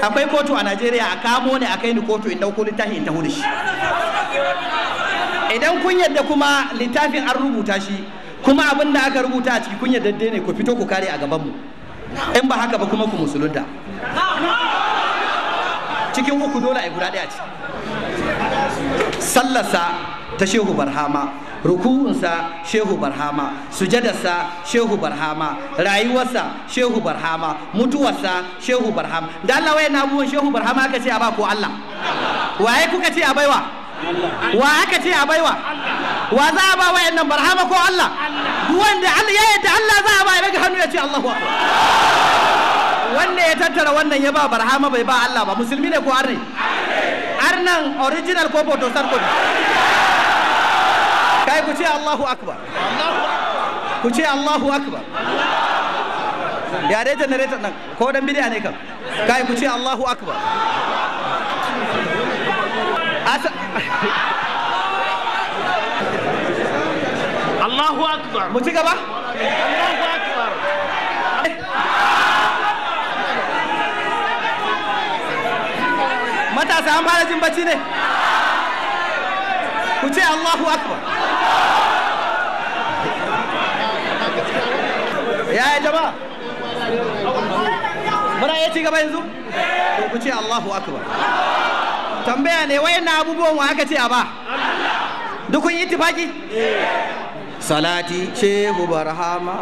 akwai kotu a najeriya a kamo ni a kai ni kotu in dauko littafi in taho da shi idan kun yadda kuma littafin an rubuta shi kuma abin da aka rubuta a ciki kun yadda ne ku fito ku kare a gabanmu in ba haka ba kuma ku musulunta cikin uku dole a guda ɗaya ce sallasa ta shehu barhama ruku'unsa shehu barhama sujadarsa shehu barhama rayuwarsa shehu barhama mutuwarsa shehu barhama da Allah wayan abubuwan shehu barhama aka ce a ba ko Allah waye kuka ce a baiwa wa aka ce a baiwa wa za a ba wa yannan barhama ko Allah wanda Allah ya yadda Allah za a ba ya daga hannu ya ce Allahu akbar wanda ya tattara wannan ya ba barhama bai ba Allah ba musulmi ne ko arne arnan original ko photostar ko kai ku ce Allahu akbar ku ce Allahu akbar ya dai janareta nan ko dan bidiya ne kan kai ku ce Allahu akbar Allahu akbar mu ci gaba Allahu matasa an fara jin bacci ne ku ce Allahu akbar yaya jama'a muna iya gaba yanzu ku ce akbar tambaya ne wai na abubuwan wa aka ce a ba duk kun yi tufaki salati shehu barhama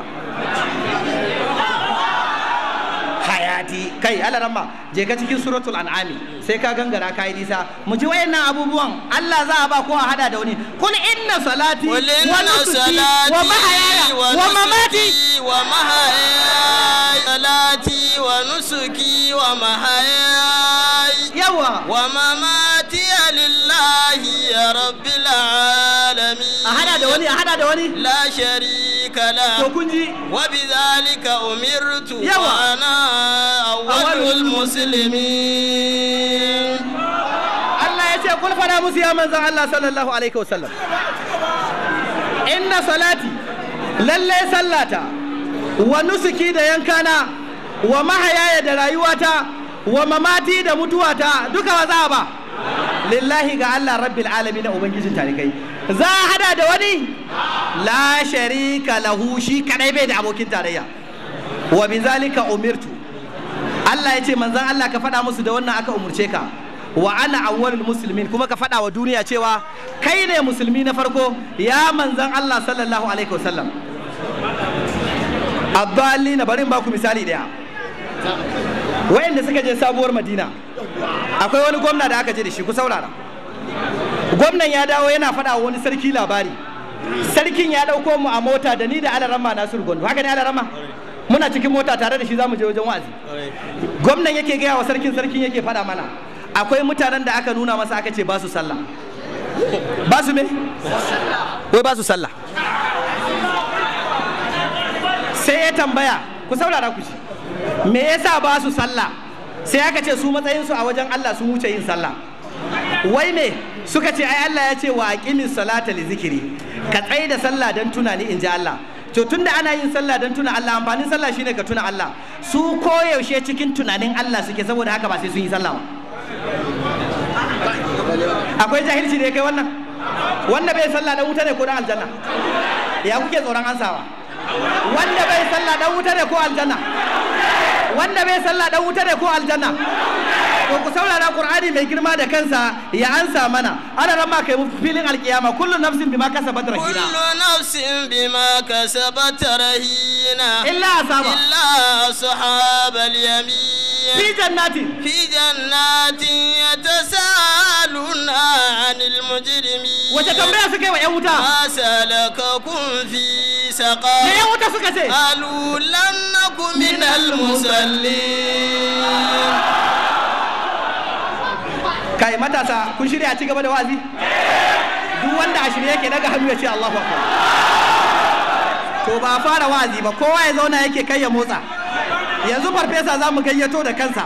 hayati kai alaramba je ka cikin suratul an'ami sai ka gangara ka yi nisa mu ji wayannan abubuwan Allah za a ba ko a hada da wani kun inna salati wa nusuki wa mahayaya wa mamati wa mahayaya salati wa nusuki wa mahayai yawa wa mamati lillahi ya rabbil alamin a hada da wani a hada da wani la sharika la to wa bi zalika umirtu wa Allah ya ce kul musu ya manzon Allah sallallahu alaihi wasallam inna salati lallai sallata wa nusuki da yankana wa mahayaya da rayuwata wa mamati da mutuwata duka ba za ba lillahi ga Allah rabbil alamin na ubangijin tarikai za a hada da wani la sharika lahu shi kadai bai da abokin tarayya wa bi zalika umirtu Allah ya ce manzan Allah ka fada musu da wannan aka umurce ka wa ana awwalul muslimin kuma ka faɗa wa duniya cewa kai ne musulmi na farko ya manzan Allah sallallahu alaihi wasallam abdallina bari in baku misali daya da suka je sabuwar madina akwai wani gwamna da aka je da shi ku saurara gwamnan ya dawo yana faɗa wa wani sarki labari sarkin ya ɗauko mu a mota da ni da alarama nasiru gondo haka ne alarama muna cikin mota tare da shi za mu je wajen wa'azi gwamnan yake gaya wa sarkin sarkin yake faɗa mana akwai mutanen da aka nuna masa aka ce ba su sallah ba su me wai ba su sallah sai ya tambaya ku saurara ku ci me yasa ba su sallah sai aka ce su matsayinsu a wajen Allah su wuce yin sallah wai me suka ce ai Allah ya ce wa aqimi salata li zikiri ka tsaye da sallah don tunani in ji Allah to tunda ana yin sallah don tuna Allah amfanin sallah shine ka tuna Allah su koyaushe cikin tunanin Allah suke saboda haka ba sai sun yi sallah ba akwai jahilci da ya kai wannan wanda bai sallah dan wuta ne ko dan aljanna ya kuke tsoron ansawa wanda bai sallah dan wuta ne ko aljanna wanda bai sallah dan wuta ne ko aljanna to ku saurara qur'ani mai girma da kansa ya ansa mana ana ran ma kai filin alkiyama kullu nafsin bima kasabat rahina kullu nafsin bima kasabat rahina illa asaba illa ashabal yamin في جنات في جنات tambaya عن المجرمين وتتمرس كيف يا ما سلككم فيه shaqaw me wuta suka ce qalu lam naku min al musallin matasa kun shirya ci gaba da wazi duk wanda a shirya yake daga hannu ya ce Allahu akbar to ba fara wazi ba kowa ya zauna yake kai ya motsa yanzu farfesa za mu gayyato da kansa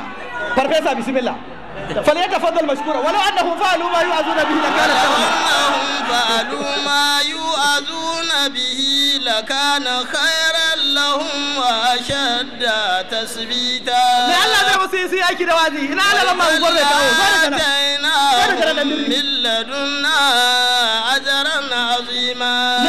farfesa bismillah فليتفضل مشكورا ولو انهم فعلوا ما يوعظون به لكان خيرا انهم فعلوا ما يوعظون به لكان خيرا لهم وأشد تثبيتا آتيناهم من لدنا أجرا عظيما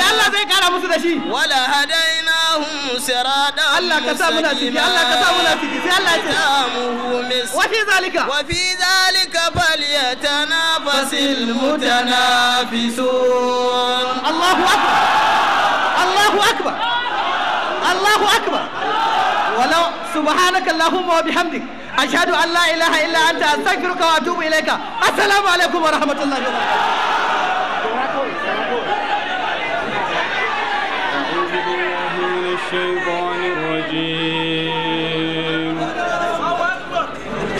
ولهديناهم صراطا الله كتابنا سيدي الله كتابنا سيدي الله وفي ذلك وفي ذلك فليتنافس المتنافسون الله أكبر Allahu akbar Allahu akbar walau subhanaka Allahumma wa bihamdik ashhadu an la ilaha الشيطان الرجيم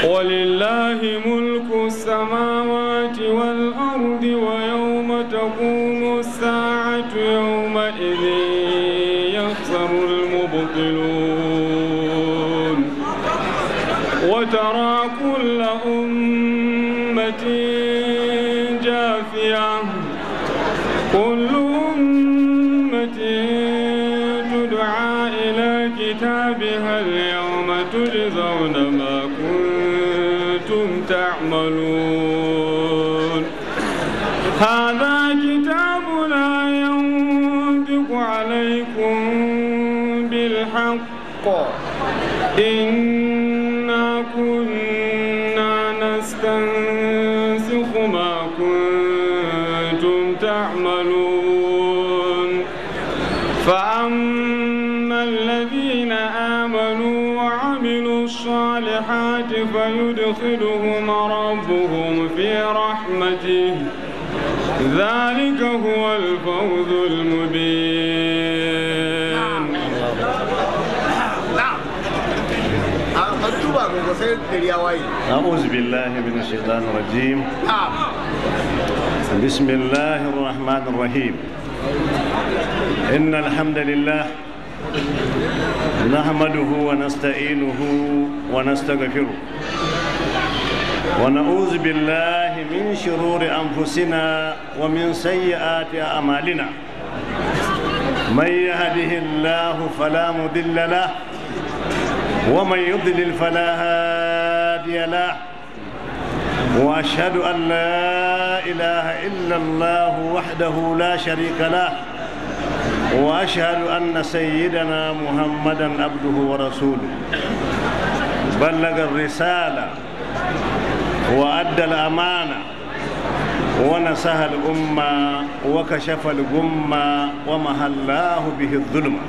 ولله ملك السماوات هذا كتابنا ينطق عليكم بالحق إنا كنا نستنسخ ما كنتم تعملون فأما الذين آمنوا وعملوا الصالحات فيدخلهم ربهم في رحمة ذلك هو الفوز المبين نعم. نعم. نعم. أعوذ بالله من الشيطان الرجيم بسم الله الرحمن الرحيم إن الحمد لله نحمده ونستعينه ونستغفره ونعوذ بالله من شرور أنفسنا ومن سيئات أعمالنا من يهده الله فلا مضل له ومن يضلل فلا هادي له وأشهد أن لا إله إلا الله وحده لا شريك له وأشهد أن سيدنا محمدا عبده ورسوله بلغ الرسالة وأدى الأمانة ونسها الأمة وكشف الغمة ومهلاه به الظلمة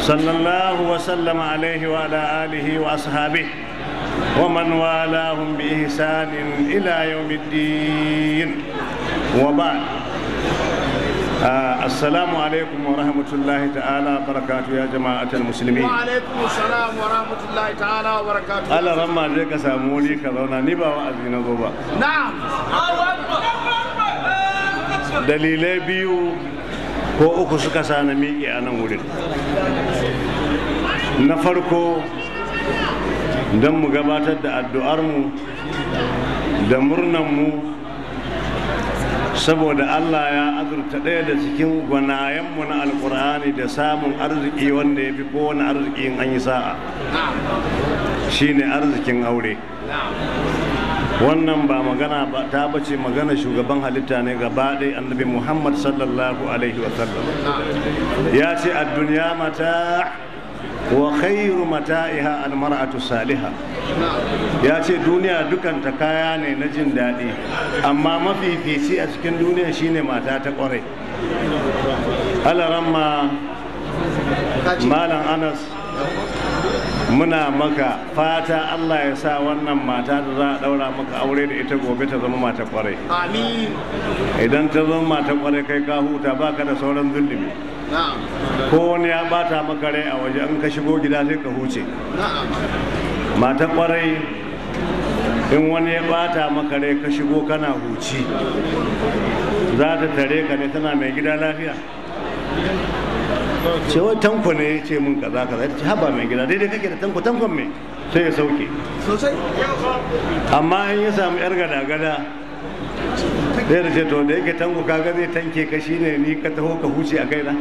صلى الله وسلم عليه وعلى آله وأصحابه ومن والاهم بإحسان إلى يوم الدين وبعد assalamu alaikum wa rahmatullahi ta'ala barakatu ya jama'atul musulmi wa alaikum assalam wa rahmatullahi ta'ala wa barakatu Allah ramma je ka samu wuri ka zauna ni ba wa'azi na zo ba na'am dalilai biyu ko uku suka sa na miƙe a nan wurin na farko don mu gabatar da addu'armu da murnanmu saboda Allah ya azurta ɗaya da cikin gwanayenmu na alkur'ani da samun arziki wanda ya fi kowane arziki in an yi sa'a ne arzikin aure wannan ba magana ba ta bace magana shugaban halitta ne gaba ɗaya annabi muhammad sallallahu alaihi wasallam ya ce a duniya mata wa khairu mata'iha almar'atu saliha ya ce duniya dukanta kaya ne na jin daɗi amma mafi mafifici a cikin duniya shine mata ta ƙware alaramma malam anas muna maka fata Allah ya sa wannan mata da za a daura maka aure da ita gobe ta zama mata kwarai. Idan ta zama mata kwarai kai ka huta baka da sauran zulumi. ko wani ya bata maka rai a waje in ka shigo gida sai ka huce mata kwarai in wani ya bata maka rai ka shigo kana huci za ta tare ka ne tana mai gida lafiya ce wai tanko ne ya ce min kaza kaza ta ce haba mai gida daidai kake da tanko tankon me sai ya sauke amma in ya samu yar gada gada da ya to da yake tango kaga zai tanke ka shine ni ka taho ka huce a kaina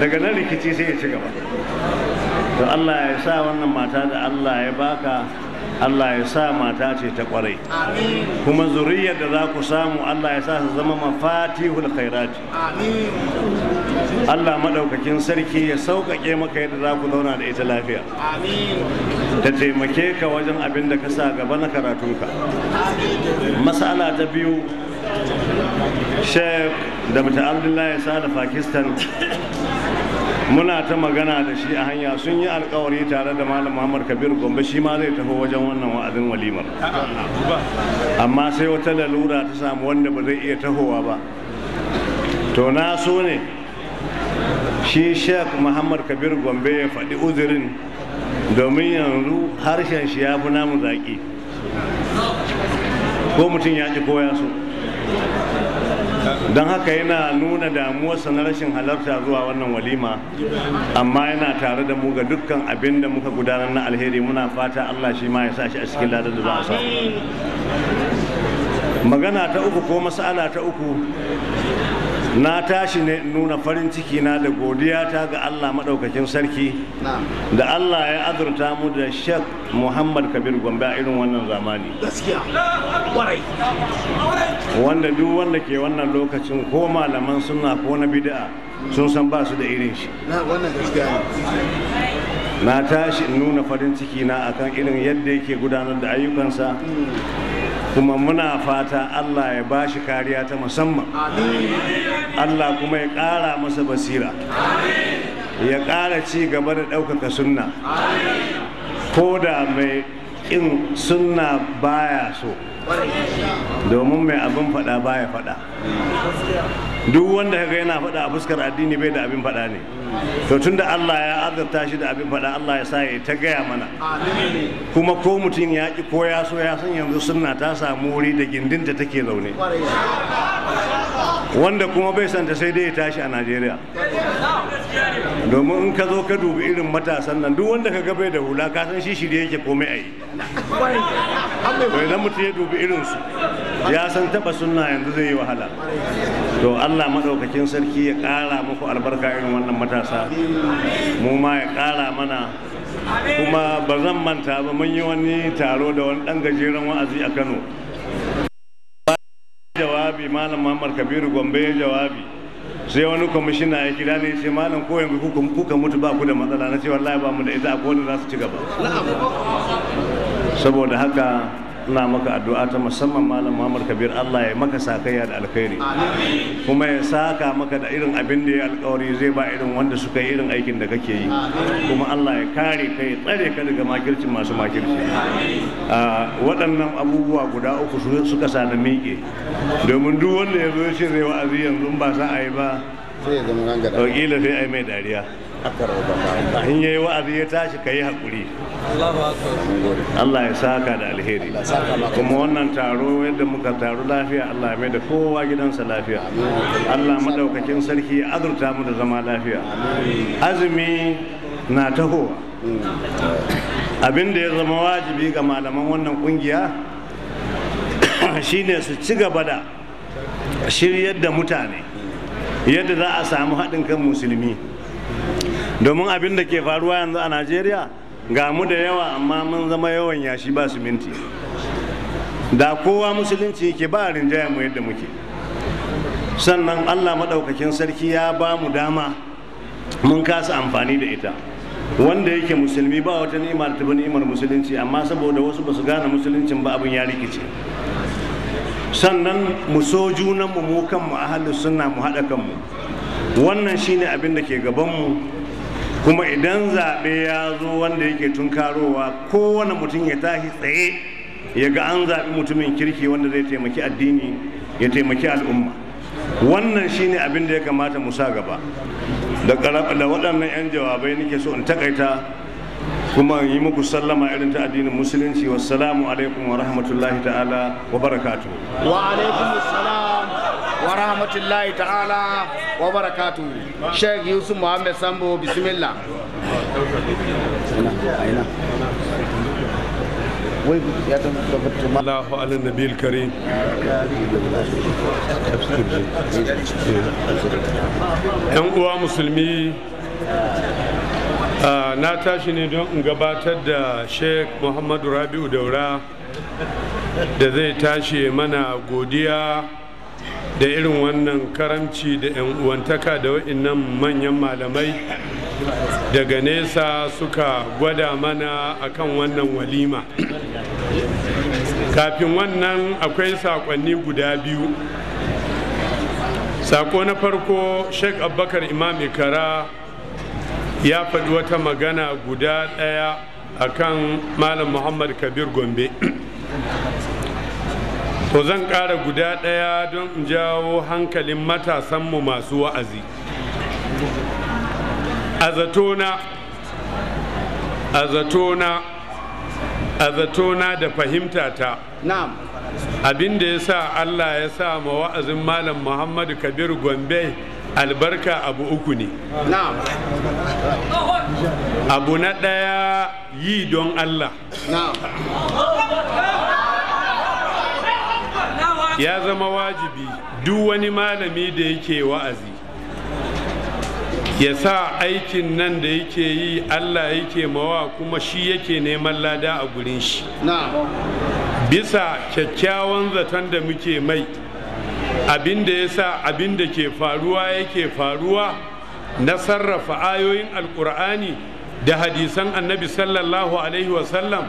daga nan rikici sai ya ci gaba to Allah ya sa wannan mata da Allah ya baka Allah ya sa mata ce ta kwarai kuma zuriyar da za ku samu Allah ya sa su zama mafatihul khairat Allah maɗaukakin sarki ya sauƙaƙe maka yadda za ku zauna da ita lafiya ta taimake ka wajen abin da ka sa gaba na karatunka masala ta biyu Sheikh da mutu abdullahi sada pakistan muna ta magana da shi a hanya sun yi alkawari tare da malam muhammad kabir gombe shi ma zai taho wajen wannan wa'azin walimar amma sai wata lalura ta samu wanda ba zai iya tahowa ba to na so ne shi sheikh muhammad kabir gombe ya faɗi uzurin domin yanzu harshen shi ya fi namu zaƙi ko mutum ya ƙi ko ya so don haka yana nuna damuwarsa na rashin halarta zuwa wannan walima amma yana tare da mu ga dukkan abin da muka gudanar na alheri muna fata Allah shi ma ya sa shi a cikin ladar da za a samu magana ta uku ko mas'ala ta uku na tashi ne nuna farin ciki na da godiya ta ga Allah maɗaukakin sarki da Allah ya azurta mu da Sheikh Muhammad Kabir Gombe a irin wannan zamani wanda duk wanda ke wannan lokacin ko malaman suna ko na bid'a sun san ba su da irin shi na tashi nuna farin ciki na akan irin yadda yake gudanar da ayyukansa hmm. kuma muna fata Allah ya ba shi kariya ta musamman Allah kuma ya ƙara masa basira ya ƙara ci gaba da ɗaukaka sunna ko da mai in sunna baya so domin mai abin faɗa baya faɗa duk wanda kaga yana faɗa a fuskar addini bai da abin fada ne to tun da Allah ya azurta shi da abin faɗa Allah ya sa ya ta gaya mana kuma ko mutum ya ki ko ya so ya san yanzu sunna ta samu wuri da gindinta take zaune wanda kuma bai santa sai dai ya tashi a Najeriya domin in ka zo ka dubi irin matasan nan duk wanda ka ga bai da hula ka san shi shirye yake komai a yi idan mutum ya dubi irinsu ya san taɓa sunna yanzu zai yi wahala to Allah maɗaukakin sarki ya ƙara muku albarka irin wannan matasa mu ma ya ƙara mana kuma ba zan manta ba mun yi wani taro da wani ɗan gajeren wa'azi a Kano jawabi malam Muhammad Kabiru Gombe ya jawabi sai wani kwamishina ya kira ne ce malam ko yanzu kuka mutu ba ku da matsala na ce wallahi ba mu da ita akwai wanda za su ci gaba saboda haka ina maka addu'a ta musamman malam Muhammad Kabir Allah ya maka sakayya da alkhairi kuma ya saka maka da irin abin da ya alkawari zai ba irin wanda suka yi irin aikin da kake yi kuma Allah ya kare ka ya tsare ka daga makircin masu makirci waɗannan abubuwa guda uku suka sa na miƙe domin duk wanda ya zo ya ce zai wa'azi yanzu ba sa a yi ba sai ya zama kila sai a yi mai dariya in yayi wa'azi ya tashi ka yi haƙuri Allah ya saka da alheri kuma wannan taro yadda muka taru lafiya Allah mai da kowa gidansa lafiya Allah maɗaukakin sarki ya azurta mu da zama lafiya azumi na tahowa mm. abin da ya zama wajibi ga malaman wannan kungiya shine su ci gaba da shiryar da mutane yadda za a samu haɗin kan musulmi domin abin da ke faruwa yanzu a najeriya ga mu da yawa amma mun zama yawan yashi ba su minti da kowa musulunci ke ba rinjaya mu yadda muke sannan allah maɗaukakin sarki ya ba mu dama mun kasa amfani da ita wanda yake musulmi ba wata ni'ima da tabi ni'imar musulunci amma saboda wasu ba su gane musuluncin ba abin ya rikice sannan mu so junanmu mu kanmu ahalus suna mu haɗa kanmu wannan shine abin da ke gabanmu kuma idan zaɓe ya zo wanda yake tunkarowa kowane mutum ya tashi tsaye ya ga an zaɓi mutumin kirki wanda zai taimaki addini ya taimaki al'umma wannan shine abin da ya kamata mu sa gaba da waɗannan 'yan jawabai nake so in takaita kuma yi muku sallama irin ta addinin musulunci wassalamu alaikum wa rahmatullahi ta'ala wa barakatuhu wa alaikum wa rahmatullahi ta'ala wa barakatu sheikh yusuf muhammad sambo bismillah الله على النبي karim. yan uwa musulmi na tashi ne don in gabatar da sheikh muhammadu rabi'u daura da zai tashi mana godiya da irin wannan karamci da 'yan uwantaka da wa'innan manyan malamai daga nesa suka gwada mana akan wannan walima kafin wannan akwai sakonni guda biyu sako na farko sheik abubakar imam ikara ya faɗi wata magana guda ɗaya akan malam muhammad kabir gombe to zan ƙara guda ɗaya don in jawo hankalin matasanmu masu wa'azi a zatona a da fahimta ta. Abinda da ya sa allah ya sa ma wa'azin malam muhammadu kabir gombe albarka abu uku ne abu na ɗaya yi don allah ya zama wajibi duk wani malami da yake wa'azi ya sa aikin nan da yake yi Allah yake mawa kuma shi yake neman lada a gurin shi bisa kyakkyawan zaton da muke mai abin da ya sa abin da ke faruwa yake faruwa na sarrafa ayoyin alkur'ani da hadisan annabi sallallahu alaihi wasallam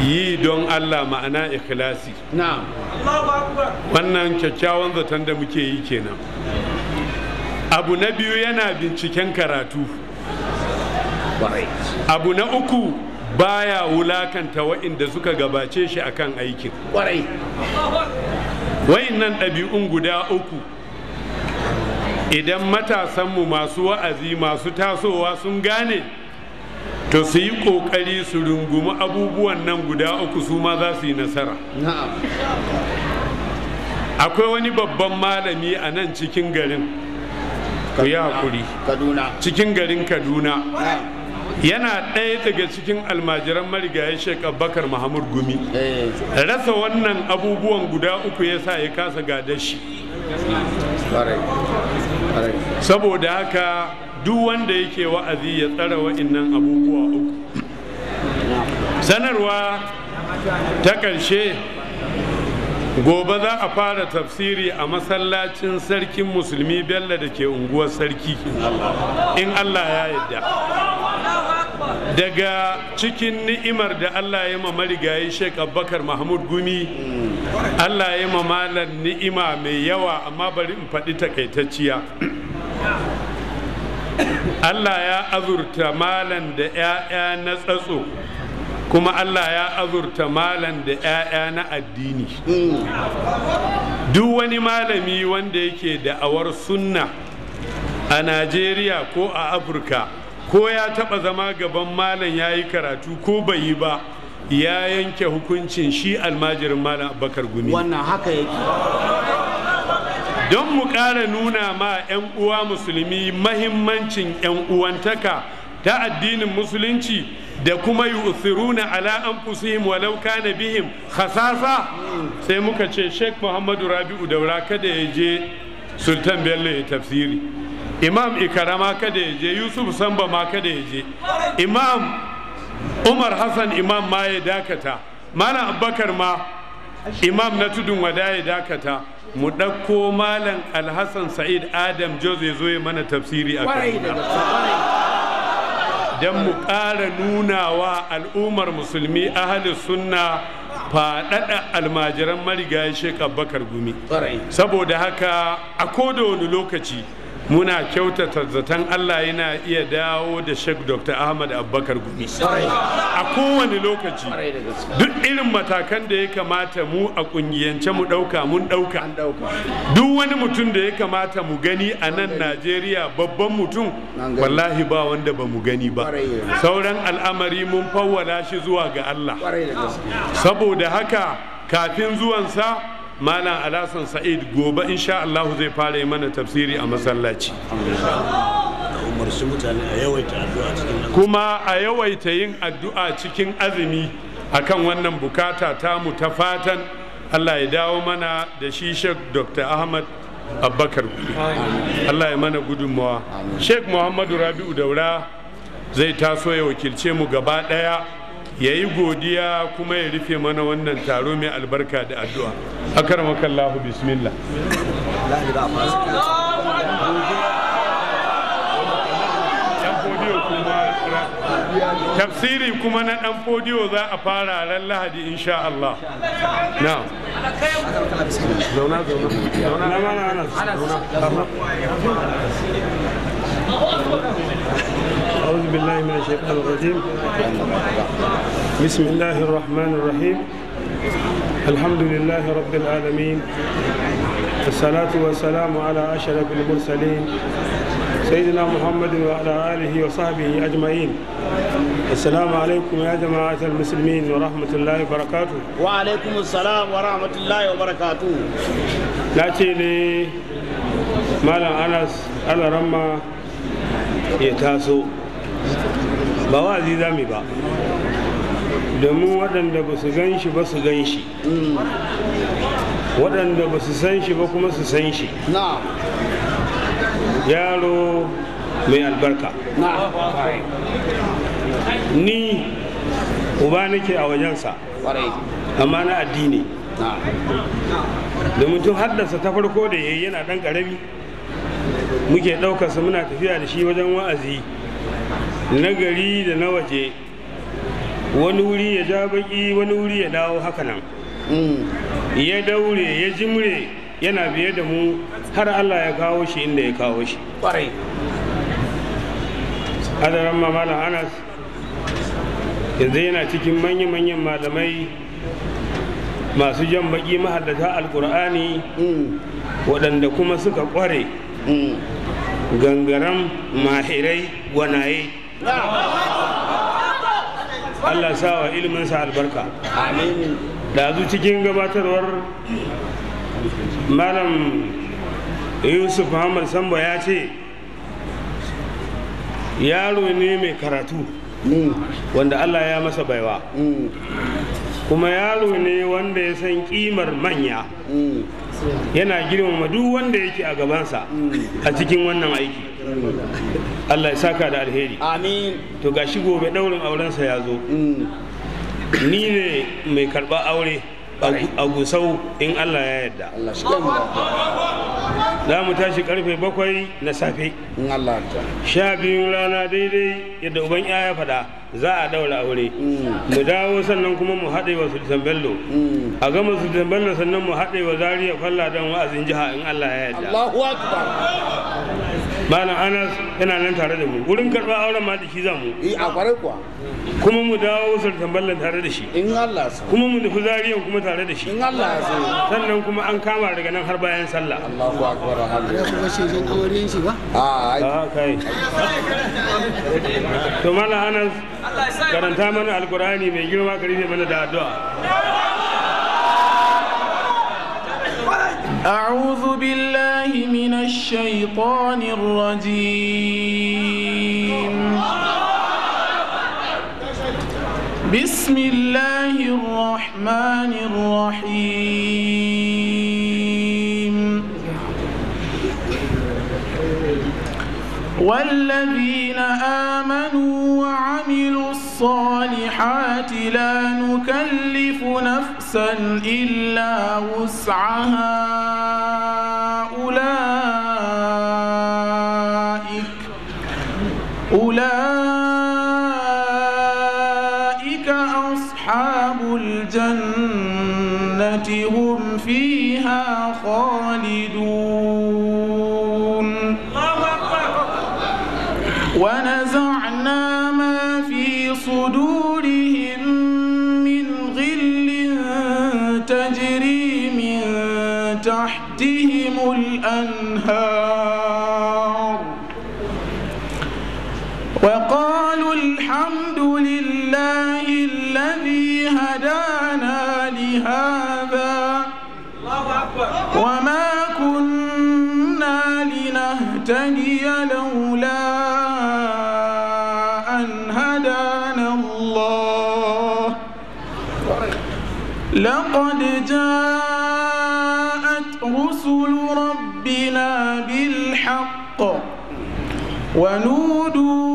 yi don Allah ma'ana ikhlasi wannan kyakkyawan zaton da muke yi kenan abu na biyu yana binciken karatu abu na uku baya wulakanta wa'inda suka gabace shi akan aikin wa'innan ɗabi'un guda uku idan matasanmu masu wa'azi masu tasowa sun gane to su yi ƙoƙari su rungumi abubuwan nan guda uku su ma za su yi nasara akwai wani babban malami a nan cikin garin ku cikin garin kaduna yana ɗaya daga cikin almajiran marigayi sheik abubakar muhammad gumi eh. rasa wannan abubuwan guda uku ya sa ya kasa gadashi saboda haka duk wanda yake wa'azi ya tsara wa'annan abubuwa uku sanarwa ta ƙarshe gobe za a fara tafsiri a masallacin sarkin musulmi bello da ke unguwar sarki in allah ya yadda daga cikin ni'imar da allah ya ma marigayi sheik abubakar mahmud gumi allah ya ma malar ni'ima mai yawa amma bari in faɗi takaitacciya Allah ya azurta malan da 'ya'ya na tsatso kuma Allah ya azurta malan da 'ya'ya na addini duk wani malami wanda yake da'awar sunna a Najeriya ko a Afirka ko ya taɓa zama gaban malam ya yi karatu ko bai yi ba ya yanke hukuncin shi almajirin malam bakar gumi wannan haka yake don mu ƙara nuna ma 'yan uwa musulmi mahimmancin 'yan uwantaka ta addinin musulunci da kuma yu'thiruna ala anfusihim walau kana bihim khasasa sai muka ce Sheikh Muhammadu Rabi'u Daura kada ya je Sultan Bello ya tafsiri Imam Ikarama kada ya je Yusuf Samba ma kada ya je Imam Umar Hassan Imam ma ya dakata Malam Abubakar ma Imam na tudun wada ya dakata mu ɗauko malam alhassan sa'id adam jos zo ya mana tafsiri a kaduna don mu ƙara nuna wa al'ummar musulmi ahalin sunna faɗaɗa almajiran marigayi shekar bakar gumi saboda haka a koda wani lokaci muna kyautata zaton Allah yana iya dawo da Sheikh Dr. Ahmad Abubakar Gumi a kowane lokaci duk irin matakan da ya kamata mu a kungiyance mu dauka mun dauka duk wani mutum da ya kamata mu gani a nan Najeriya babban mutum wallahi ba wanda ba mu gani ba sauran al'amari mun fawwala shi zuwa ga Allah saboda haka kafin zuwansa malam alasan sa'id gobe insha Allah zai fara yi mana tafsiri a masallaci kuma a yawaita yin addu'a cikin azumi akan wannan bukata tamu ta fatan Allah ya dawo mana da shi Sheikh Dr. Ahmad Abubakar Allah ya mana gudunmawa Sheikh Muhammadu Rabi'u Daura zai taso ya wakilce mu gaba ɗaya ya yi godiya kuma ya rufe mana wannan taro mai albarka da addu'a akar makallahu bismillah tafsiri kuma na dan fodiyo za a fara ran lahadi insha Allah na zauna zauna أعوذ بالله من الشيطان الرجيم بسم الله الرحمن الرحيم الحمد لله رب العالمين الصلاة والسلام على أشرف المرسلين سيدنا محمد وعلى آله وصحبه أجمعين السلام عليكم يا جماعة المسلمين ورحمة الله وبركاته وعليكم السلام ورحمة الله وبركاته ناتيني مالا أنس أنا رمى يتاسو ba wa'azi za mu ba domin waɗanda ba su gan shi ba su gan shi waɗanda ba su san shi ba kuma su san shi yaro mai albarka ni uba nake a wajensa amma na addini Da mutum haddasa ta farko da yayi yana ɗan ƙarami muke ɗaukarsa muna tafiya da shi wajen wa'azi na gari da na waje wani wuri ya ja baki wani wuri ya dawo haka nan mm. ya daure ya jimre yana biye da mu har Allah ya kawo shi inda ya kawo shi kwarai hadaran mamala anas yanzu yana cikin manya-manyan malamai masu jan baki mahaddata alkur'ani mm. waɗanda kuma suka ƙware mm. gangaren mahirai gwanaye Allah sa wa iliminsa albarka zu cikin gabatarwar malam yusuf muhammad sambo ya ce yaro ne mai karatu wanda Allah ya masa baiwa kuma yaro ne wanda ya san kimar manya yana girmama duk wanda yake a gabansa a cikin wannan aiki Allah ya saka da alheri amin to gashi gobe daurin aurensa ya zo mm. ni ne mai karba aure a gusau in Allah ya yarda za mu tashi karfe bakwai na safe sha biyu rana daidai yadda uban ya faɗa za a daura aure mm. mu dawo sannan kuma mu haɗe wa sultan bello mm. a gama sultan bello sannan mu haɗe wa zariya falla don wa'azin jiha in Allah ya yarda ma'ana anas yana nan tare da mu wurin karɓar auren ma da shi za mu yi eh, a kwarai kuwa kuma mu dawo wasar tambalan tare da shi in Allah su kuma mu nufi zariyan kuma tare da shi in Allah su sannan kuma an kama daga nan har bayan sallah Allahu akbar Allah kuma shi zan shi ba a ah, ah, kai to malam anas karanta mana alqur'ani mai girma karfe mana da addu'a أعوذ بالله من الشيطان الرجيم بسم الله الرحمن الرحيم والذين آمنوا وعملوا الصالحات لا نكلف نفسا إلا وسعها Oh. موتني لولا أن هدانا الله لقد جاءت رسل ربنا بالحق ونودوا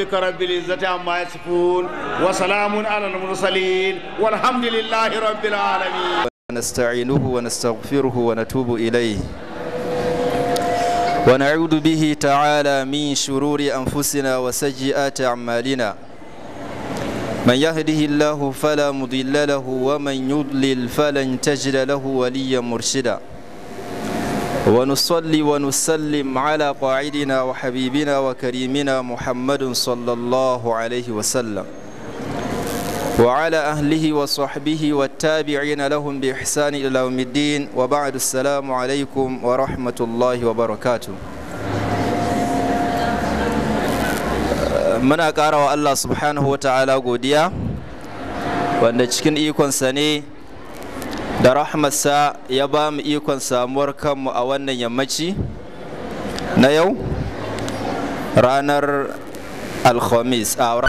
ربك رب العزة عما يصفون وسلام على المرسلين والحمد لله رب العالمين ونستعينه ونستغفره ونتوب إليه ونعوذ به تعالى من شرور أنفسنا وسيئات أعمالنا من يهده الله فلا مضل له ومن يضلل فلن تجد له وليا مرشدا ونصلي ونسلم على قاعدنا وحبيبنا وكريمنا محمد صلى الله عليه وسلم وعلى أهله وصحبه والتابعين لهم بإحسان إلى يوم الدين وبعد السلام عليكم ورحمة الله وبركاته من أكاره الله سبحانه وتعالى wa وأن godiya إيكون cikin da sa ya ba mu ikon samuwar kanmu a wannan yammaci na yau ranar alhamis a